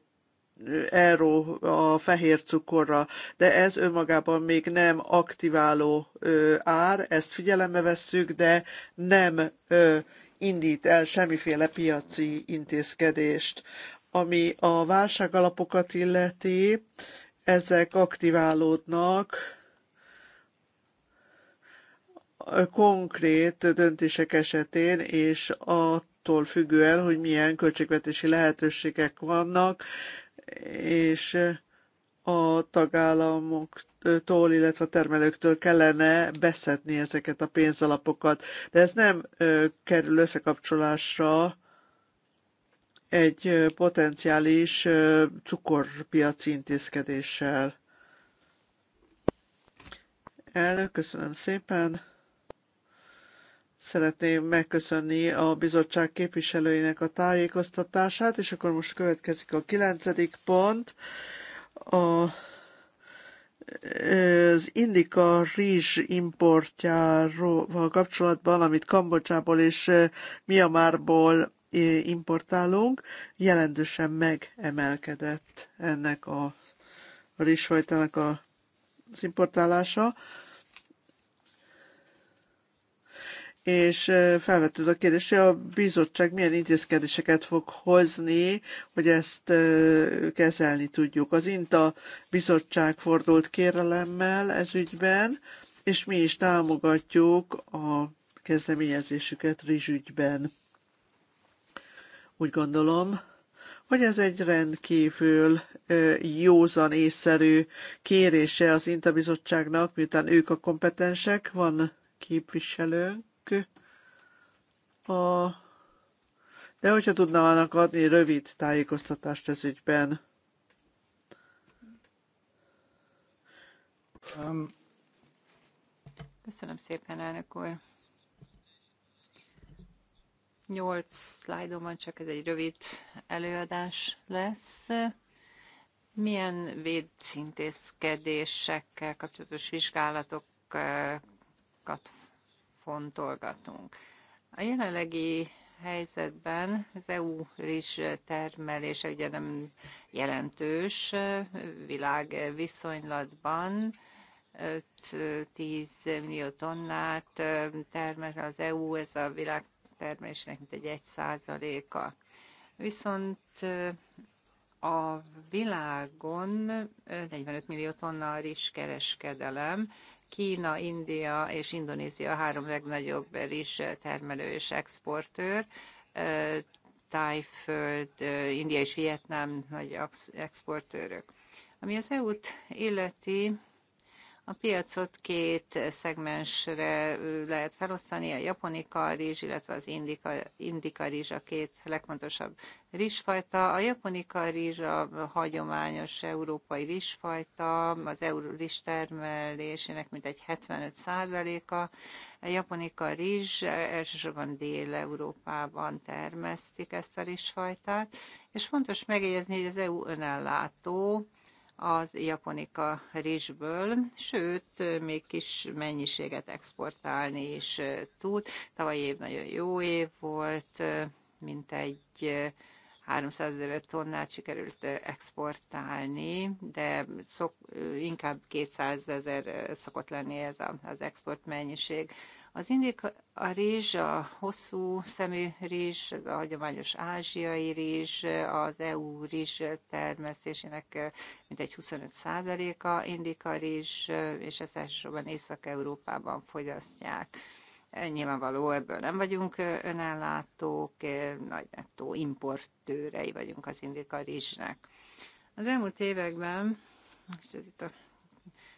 euró a fehér cukorra, de ez önmagában még nem aktiváló ár, ezt figyelembe vesszük, de nem indít el semmiféle piaci intézkedést. Ami a válságalapokat illeti, ezek aktiválódnak konkrét döntések esetén, és attól függően, hogy milyen költségvetési lehetőségek vannak, és a tagállamoktól, illetve a termelőktől kellene beszedni ezeket a pénzalapokat. De ez nem kerül összekapcsolásra egy potenciális cukorpiaci intézkedéssel. Elnök, köszönöm szépen. Szeretném megköszönni a bizottság képviselőinek a tájékoztatását, és akkor most következik a kilencedik pont a az indika rizs importjáról kapcsolatban, amit Kambocsából és Miamárból importálunk, jelentősen megemelkedett ennek a rizsfajtának az importálása. és felvetőd a kérdés, hogy a bizottság milyen intézkedéseket fog hozni, hogy ezt kezelni tudjuk. Az INTA bizottság fordult kérelemmel ez ügyben, és mi is támogatjuk a kezdeményezésüket rizsügyben. Úgy gondolom, hogy ez egy rendkívül józan észszerű kérése az Inta Bizottságnak, miután ők a kompetensek, van képviselőnk, a... De hogyha tudnának adni rövid tájékoztatást ez ügyben. Um. Köszönöm szépen, elnök úr. Nyolc szlájdom van, csak ez egy rövid előadás lesz. Milyen védintézkedésekkel kapcsolatos vizsgálatokat fontolgatunk. A jelenlegi helyzetben az EU rizs termelése ugye nem jelentős világ viszonylatban, 10 millió tonnát termel az EU, ez a világ termelésnek mint egy 1 százaléka. Viszont a világon 45 millió tonna a rizs kereskedelem, Kína, India és Indonézia a három legnagyobb rizs termelő és exportőr. Tájföld, India és Vietnám nagy exportőrök. Ami az EU-t illeti, a piacot két szegmensre lehet felosztani, a japonika rizs, illetve az indika, indika rizs a két legfontosabb rizsfajta. A japonika rizs a hagyományos európai rizsfajta, az euró rizs termelésének mintegy 75%-a. A japonika rizs e, elsősorban Dél-Európában termesztik ezt a rizsfajtát, és fontos megjegyezni, hogy az EU önellátó, az japonika rizsből, sőt, még kis mennyiséget exportálni is tud. Tavaly év nagyon jó év volt, mint egy 300 ezer tonnát sikerült exportálni, de szok, inkább 200 ezer szokott lenni ez a, az export mennyiség. Az indika a rizs, a hosszú szemű rizs, az a hagyományos ázsiai rizs, az EU rizs termesztésének eh, mintegy 25%-a indika rizs, eh, és ezt elsősorban Észak-Európában fogyasztják. Eh, nyilvánvaló, ebből nem vagyunk önellátók, nagy nettó importőrei vagyunk az indika rizsnek. Az elmúlt években, és ez itt a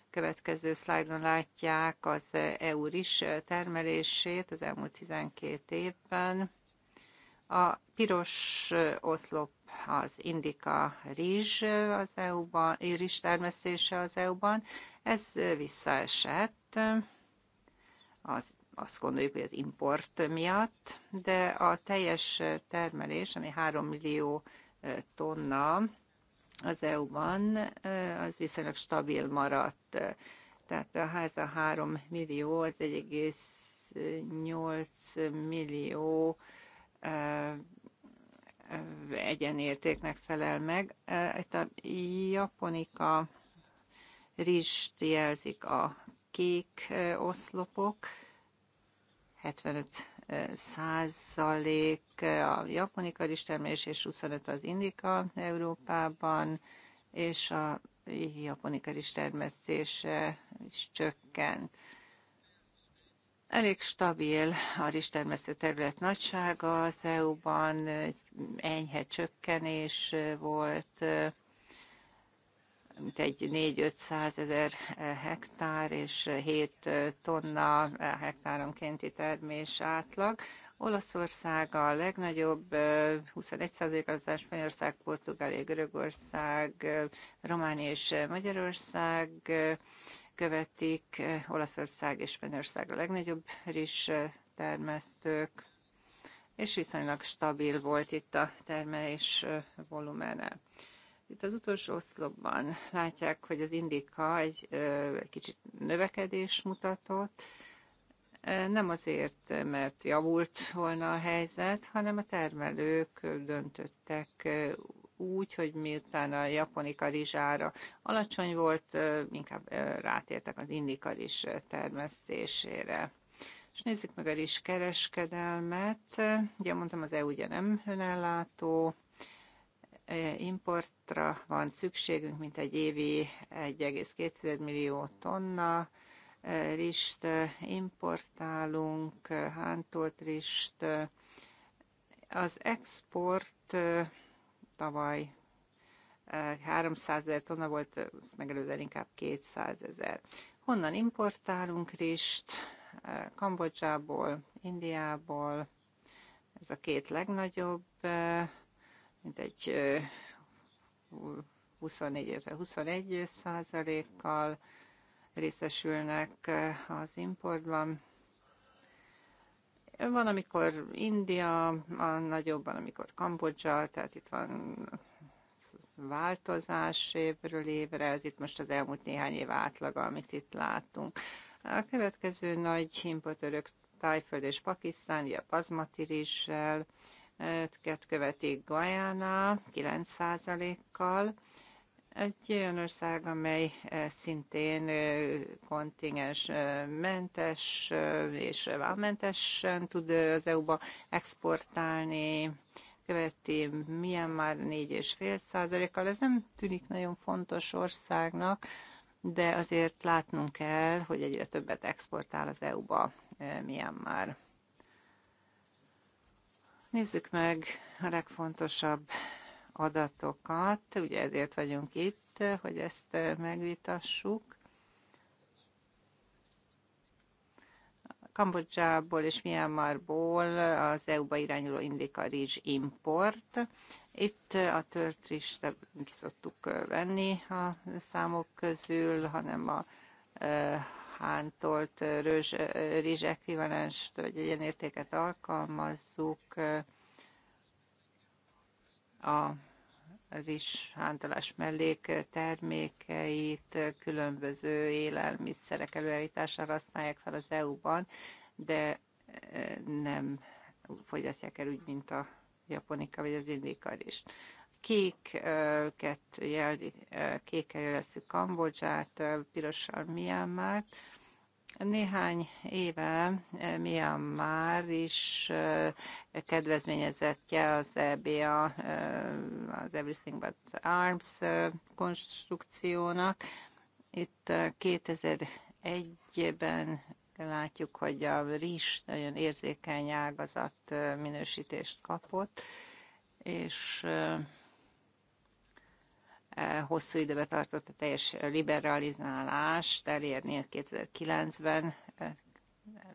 következő szlájdon látják az EU is termelését az elmúlt 12 évben. A piros oszlop az indika rizs az EU-ban, rizs termesztése az EU-ban. Ez visszaesett, az, azt gondoljuk, hogy az import miatt, de a teljes termelés, ami 3 millió tonna, az EU-ban, az viszonylag stabil maradt. Tehát a háza 3 millió, az 1,8 millió egyenértéknek felel meg. Itt a japonika rizst jelzik a kék oszlopok, 75 százalék a japonika termelés, és 25 az indika Európában, és a japonika rizstermesztése is csökkent. Elég stabil a termesztő terület nagysága az EU-ban, enyhe csökkenés volt, egy 4-500 ezer eh, hektár és 7 eh, eh, tonna hektáronkénti termés átlag. Olaszország a legnagyobb, 21 az Spanyolország, Portugália, Görögország, Románia és Magyarország követik, Olaszország és Spanyolország a legnagyobb rizs termesztők, és viszonylag stabil volt itt a termelés volumene. Itt az utolsó oszlopban látják, hogy az indika egy kicsit növekedés mutatott, nem azért, mert javult volna a helyzet, hanem a termelők döntöttek úgy, hogy miután a japonika rizsára alacsony volt, inkább rátértek az indika rizs termesztésére. És nézzük meg a rizs kereskedelmet. Ugye mondtam, az EU ugye nem önellátó, importra van szükségünk, mint egy évi 1,2 millió tonna e, rist e, importálunk, e, hántolt rist. Az export tavaly 300 ezer tonna volt, megelőzően inkább 200 ezer. Honnan importálunk rist? Kambodzsából, Indiából, ez a két legnagyobb mint egy 24 évre 21 százalékkal részesülnek az importban. Van, amikor India a nagyobb, van, amikor Kambodzsa, tehát itt van változás évről évre, ez itt most az elmúlt néhány év átlaga, amit itt látunk. A következő nagy importőrök Tájföld és Pakisztán, ugye a pazmati rizssel, őket követi Guyana 9%-kal, egy olyan ország, amely eh, szintén eh, kontingens eh, mentes és vámmentesen tud az EU-ba exportálni, követi Myanmar 4,5 százalékkal. Ez nem tűnik nagyon fontos országnak, de azért látnunk kell, hogy egyre többet exportál az EU-ba Myanmar. Nézzük meg a legfontosabb adatokat, ugye ezért vagyunk itt, hogy ezt eh, megvitassuk. Kambodzsából és Myanmarból az EU-ba irányuló indika rizs import. Itt eh, a tört rizs nem szoktuk eh, venni a számok közül, hanem a hántolt rőzs, rizs ekvivalenst, vagy ilyen értéket alkalmazzuk, a rizs hántolás mellék termékeit különböző élelmiszerek előállítására használják fel az EU-ban, de nem fogyasztják el úgy, mint a japonika vagy az indika rizs kéket jelzi, kékkel jelezzük Kambodzsát, pirossal Myanmart. Néhány éve Myanmar is kedvezményezettje az EBA, az Everything But Arms konstrukciónak. Itt 2001-ben látjuk, hogy a rizs nagyon érzékeny ágazat minősítést kapott, és E, hosszú időbe tartott a teljes liberalizálást elérni, 2009-ben e,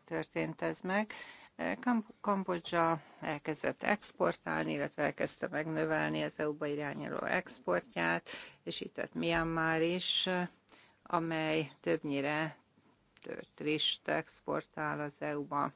történt ez meg. E, Kambodzsa elkezdett exportálni, illetve elkezdte megnövelni az EU-ba irányuló exportját, és itt lett Myanmar is, amely többnyire tört rist exportál az EU-ba.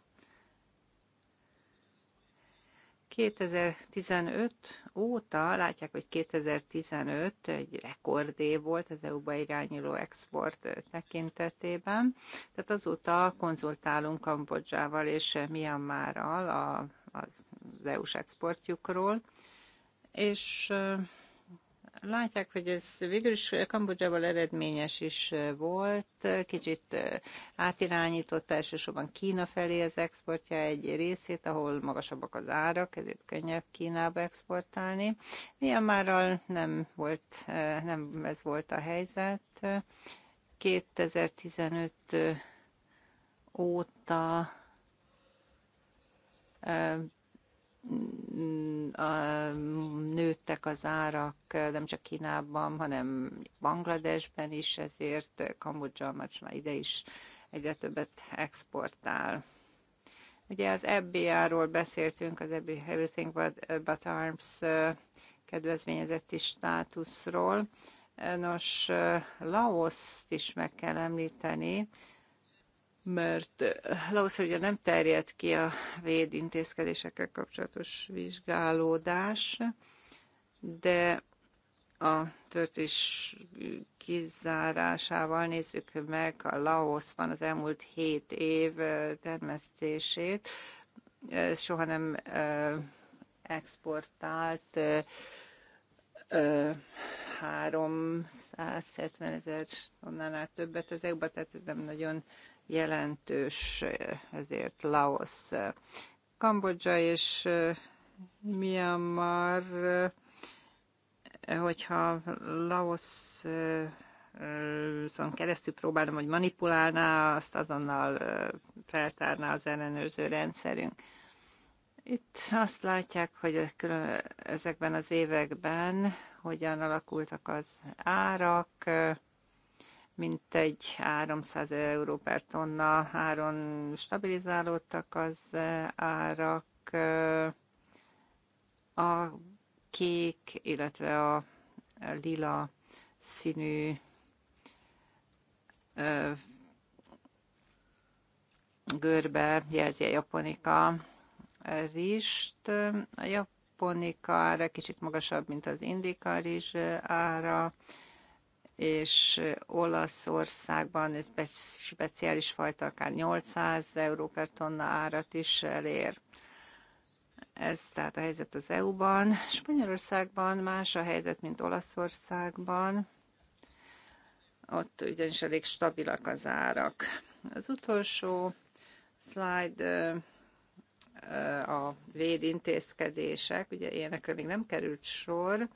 2015 óta, látják, hogy 2015 egy rekordé volt az EU-ba irányuló export tekintetében, tehát azóta konzultálunk Kambodzsával és Myanmarral a, az EU-s exportjukról, és Látják, hogy ez végül is Kambodzsával eredményes is volt, kicsit átirányította elsősorban Kína felé az exportja egy részét, ahol magasabbak az árak, ezért könnyebb Kínába exportálni. Myanmarral nem volt, nem ez volt a helyzet. 2015 óta nőttek az árak, nem csak Kínában, hanem Bangladesben is, ezért Kambodzsa most már ide is egyre többet exportál. Ugye az EBA-ról beszéltünk, az EBA Everything But, But Arms kedvezményezeti státuszról. Nos, Laoszt is meg kell említeni, mert eh, Laosz ugye nem terjed ki a védintézkedésekkel kapcsolatos vizsgálódás, de a törtés kizárásával nézzük meg a Laoszban az elmúlt hét év eh, termesztését. Eh, soha nem exportált 370 ezer tonnánál többet ezekbe, tehát ez nem nagyon jelentős, ezért Laos. Kambodzsa és Myanmar, hogyha Laos szóval keresztül próbálom, hogy manipulálná, azt azonnal feltárná az ellenőrző rendszerünk. Itt azt látják, hogy ezekben az években hogyan alakultak az árak, mint egy 300 euró per tonna áron stabilizálódtak az eh, árak, eh, a kék, illetve a lila színű eh, görbe jelzi a japonika rist. A japonika ára kicsit magasabb, mint az indika rizs ára és Olaszországban egy speciális fajta akár 800 euró per tonna árat is elér. Ez tehát a helyzet az EU-ban. Spanyolországban más a helyzet, mint Olaszországban. Ott ugyanis elég stabilak az árak. Az utolsó slide a védintézkedések, ugye ilyenekről még nem került sor,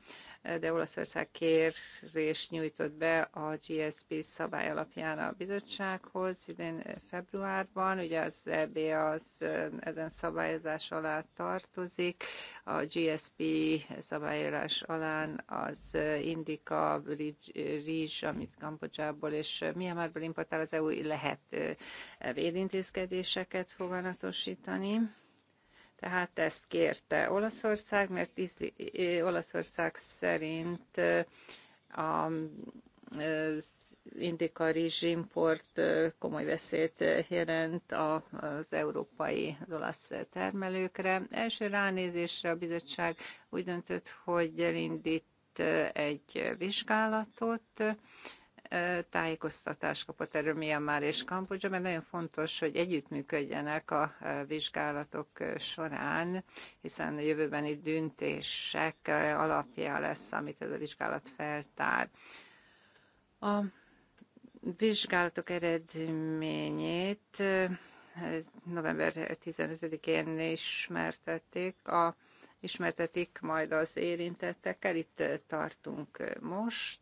de Olaszország kérést nyújtott be a GSP szabály alapján a bizottsághoz idén februárban. Ugye az EB az eh, ezen szabályozás alá tartozik. A GSP szabályozás alán az eh, indika, rizs, amit Kambodzsából és Miamárból importál az EU, lehet védintézkedéseket eh, foganatosítani tehát ezt kérte Olaszország, mert Olaszország szerint a indika rizsimport komoly veszélyt jelent az európai, az olasz termelőkre. Első ránézésre a bizottság úgy döntött, hogy elindít egy vizsgálatot, tájékoztatást kapott erről Myanmar és Kambodzsa, mert nagyon fontos, hogy együttműködjenek a vizsgálatok során, hiszen a jövőbeni döntések alapja lesz, amit ez a vizsgálat feltár. A vizsgálatok eredményét november 15-én ismertették a ismertetik majd az érintettekkel. Itt tartunk most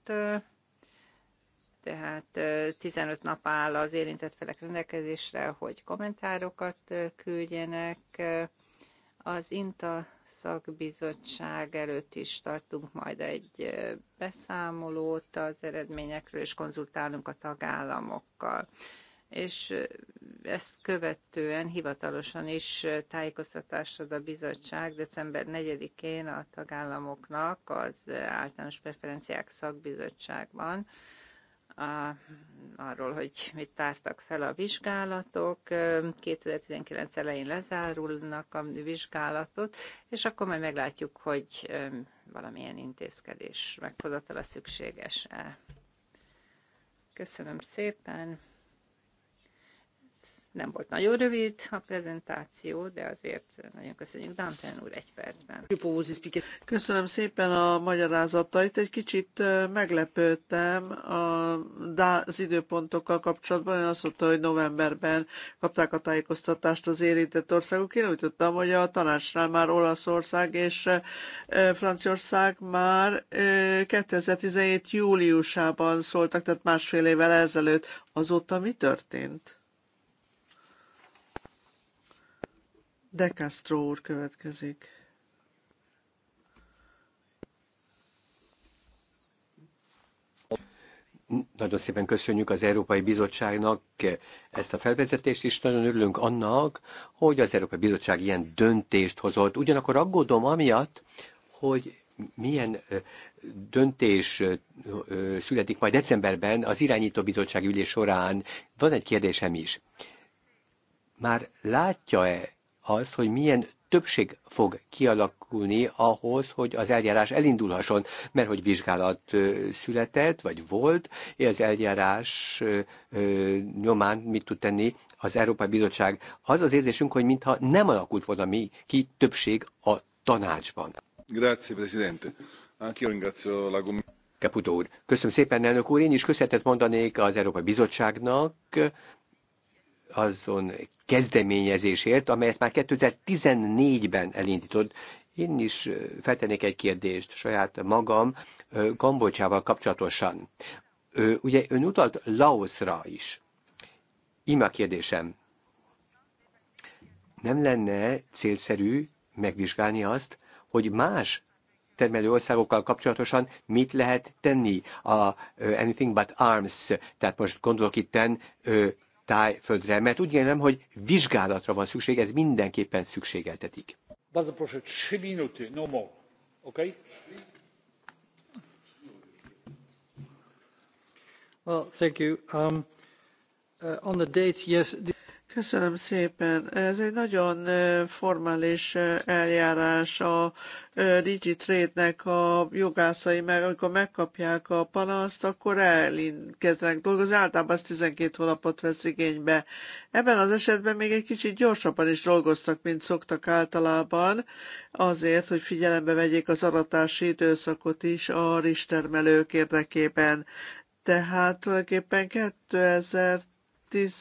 tehát 15 nap áll az érintett felek rendelkezésre, hogy kommentárokat küldjenek. Az INTA szakbizottság előtt is tartunk majd egy beszámolót az eredményekről, és konzultálunk a tagállamokkal. És ezt követően hivatalosan is tájékoztatást ad a bizottság december 4-én a tagállamoknak az általános preferenciák szakbizottságban, a, arról, hogy mit tártak fel a vizsgálatok. 2019 elején lezárulnak a vizsgálatot, és akkor majd meglátjuk, hogy valamilyen intézkedés meghozatala szükséges-e. Köszönöm szépen! Nem volt nagyon rövid a prezentáció, de azért nagyon köszönjük Dantán úr egy percben. Köszönöm szépen a magyarázatait. Egy kicsit meglepődtem az időpontokkal kapcsolatban. Én azt mondta, hogy novemberben kapták a tájékoztatást az érintett országok. Én úgy tudtam, hogy a tanácsnál már Olaszország és Franciaország már 2017 júliusában szóltak, tehát másfél évvel ezelőtt. Azóta mi történt? De Castro úr következik. Nagyon szépen köszönjük az Európai Bizottságnak ezt a felvezetést, és nagyon örülünk annak, hogy az Európai Bizottság ilyen döntést hozott. Ugyanakkor aggódom amiatt, hogy milyen döntés születik majd decemberben az irányító bizottság ülés során. Van egy kérdésem is. Már látja-e azt, hogy milyen többség fog kialakulni ahhoz, hogy az eljárás elindulhasson, mert hogy vizsgálat született, vagy volt, és az eljárás nyomán mit tud tenni az Európai Bizottság. Az az érzésünk, hogy mintha nem alakult volna mi ki többség a tanácsban. Grazie, Presidente. Anch'io ringrazio la Caputo úr. Köszönöm szépen, elnök úr. Én is köszönetet mondanék az Európai Bizottságnak, azon kezdeményezésért, amelyet már 2014-ben elindított. Én is feltennék egy kérdést saját magam Kambodzsával kapcsolatosan. Ugye ön utalt Laoszra is. Ima kérdésem. Nem lenne célszerű megvizsgálni azt, hogy más termelő országokkal kapcsolatosan mit lehet tenni a Anything But Arms, tehát most gondolok itten tájföldre, mert úgy nem, hogy vizsgálatra van szükség, ez mindenképpen szükségeltetik. Bardzo proszę, 3 minuty, no more. Okay? Well, thank you. Um, uh, on the dates, yes. The Köszönöm szépen. Ez egy nagyon formális eljárás a DigiTrade-nek a jogászai, mert amikor megkapják a panaszt, akkor elkezdenek dolgozni. Általában az 12 hónapot vesz igénybe. Ebben az esetben még egy kicsit gyorsabban is dolgoztak, mint szoktak általában, azért, hogy figyelembe vegyék az aratási időszakot is a ristermelők érdekében. Tehát tulajdonképpen 2010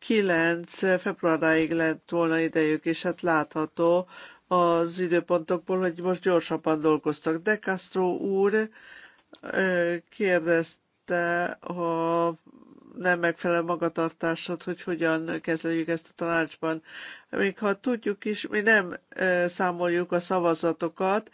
9 februáráig lett volna idejük, és hát látható az időpontokból, hogy most gyorsabban dolgoztak. De Castro úr kérdezte a nem megfelelő magatartásod, hogy hogyan kezeljük ezt a tanácsban. Még ha tudjuk is, mi nem számoljuk a szavazatokat,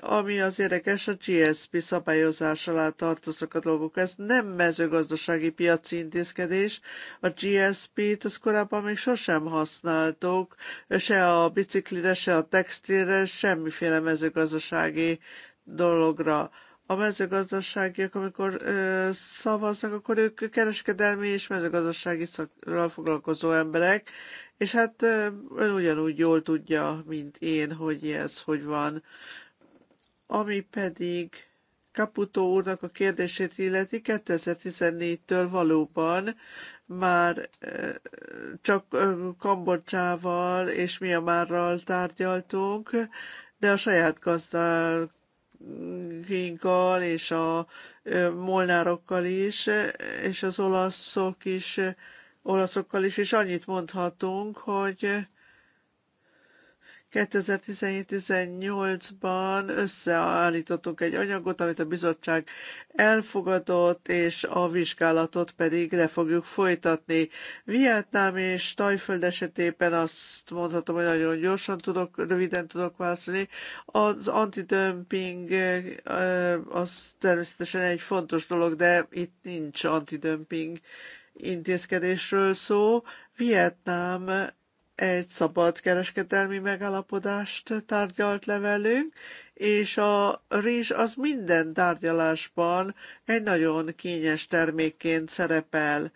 ami az érdekes, a GSP szabályozás alá tartoznak a dolgok. Ez nem mezőgazdasági piaci intézkedés. A GSP-t az korábban még sosem használtuk, se a biciklire, se a textilre, semmiféle mezőgazdasági dologra a mezőgazdaságiak, amikor ö, szavaznak, akkor ők kereskedelmi és mezőgazdasági szakral foglalkozó emberek, és hát ö, ön ugyanúgy jól tudja, mint én, hogy ez hogy van. Ami pedig Kaputó úrnak a kérdését illeti, 2014-től valóban már csak Kambodzsával és Miamárral tárgyaltunk, de a saját gazdák vinkkal és a molnárokkal is, és az olaszok is, olaszokkal is, és annyit mondhatunk, hogy 2017-18-ban összeállítottunk egy anyagot, amit a bizottság elfogadott, és a vizsgálatot pedig le fogjuk folytatni. Vietnám és Tajföld esetében azt mondhatom, hogy nagyon gyorsan tudok, röviden tudok válaszolni. Az antidömping az természetesen egy fontos dolog, de itt nincs antidömping intézkedésről szó. Vietnám egy szabad kereskedelmi megállapodást tárgyalt le velünk, és a rizs az minden tárgyalásban egy nagyon kényes termékként szerepel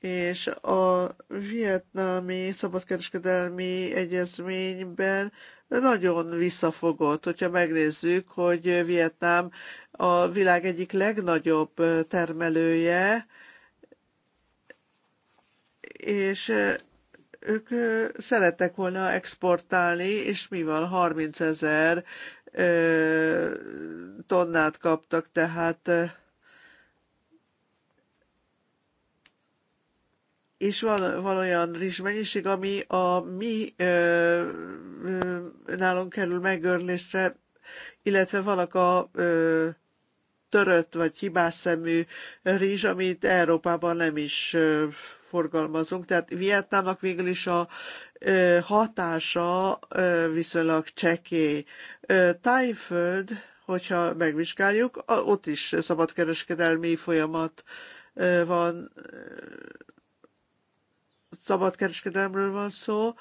és a vietnámi szabadkereskedelmi egyezményben nagyon visszafogott, hogyha megnézzük, hogy Vietnám a világ egyik legnagyobb termelője, és ők szerettek volna exportálni, és mivel 30 ezer tonnát kaptak, tehát és van, van olyan rizsmennyiség, ami a mi ö, ö, nálunk kerül megörlésre, illetve vannak a ö, törött vagy hibás szemű rizs, amit Európában nem is ö, forgalmazunk, tehát Vietnámnak végül is a hatása viszonylag csekély. Tájföld, hogyha megvizsgáljuk, ott is szabadkereskedelmi folyamat van, szabadkereskedelmről van szó.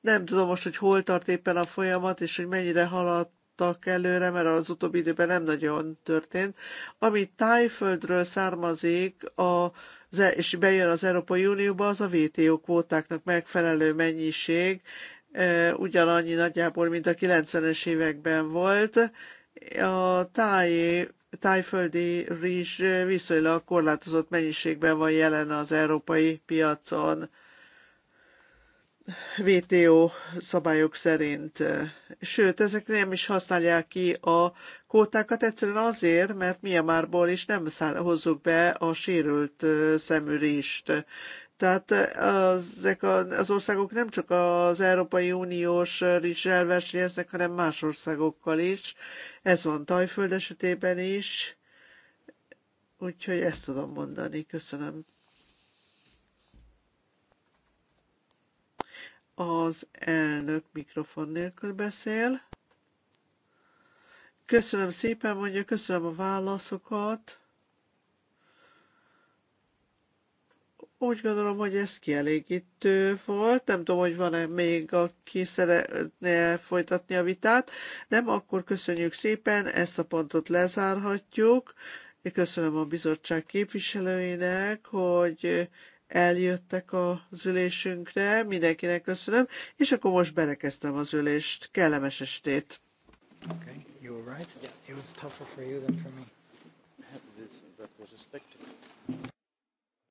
Nem tudom most, hogy hol tart éppen a folyamat, és hogy mennyire haladt előre, mert az utóbbi időben nem nagyon történt. Ami tájföldről származik, a és bejön az Európai Unióba, az a VTO kvótáknak megfelelő mennyiség, ugyanannyi nagyjából, mint a 90-es években volt. A táj, tájföldi rizs viszonylag korlátozott mennyiségben van jelen az európai piacon VTO szabályok szerint. Eh, sőt, ezek nem is használják ki a kótákat egyszerűen azért, mert Miamárból is nem hozzuk be a sérült eh, szemürist. Tehát eh, ezek az országok nem csak az Európai Uniós rizsel versenyeznek, hanem más országokkal is. Ez van Tajföld esetében is. Úgyhogy ezt tudom mondani. Köszönöm. Az elnök mikrofon nélkül beszél. Köszönöm szépen, mondja, köszönöm a válaszokat. Úgy gondolom, hogy ez kielégítő volt. Nem tudom, hogy van-e még, aki szeretne folytatni a vitát. Nem, akkor köszönjük szépen, ezt a pontot lezárhatjuk. Én köszönöm a bizottság képviselőinek, hogy eljöttek az ülésünkre, mindenkinek köszönöm, és akkor most belekezdtem az ülést. Kellemes estét! Okay, you were right. Yeah. It was tougher for you than for me. That was a expected.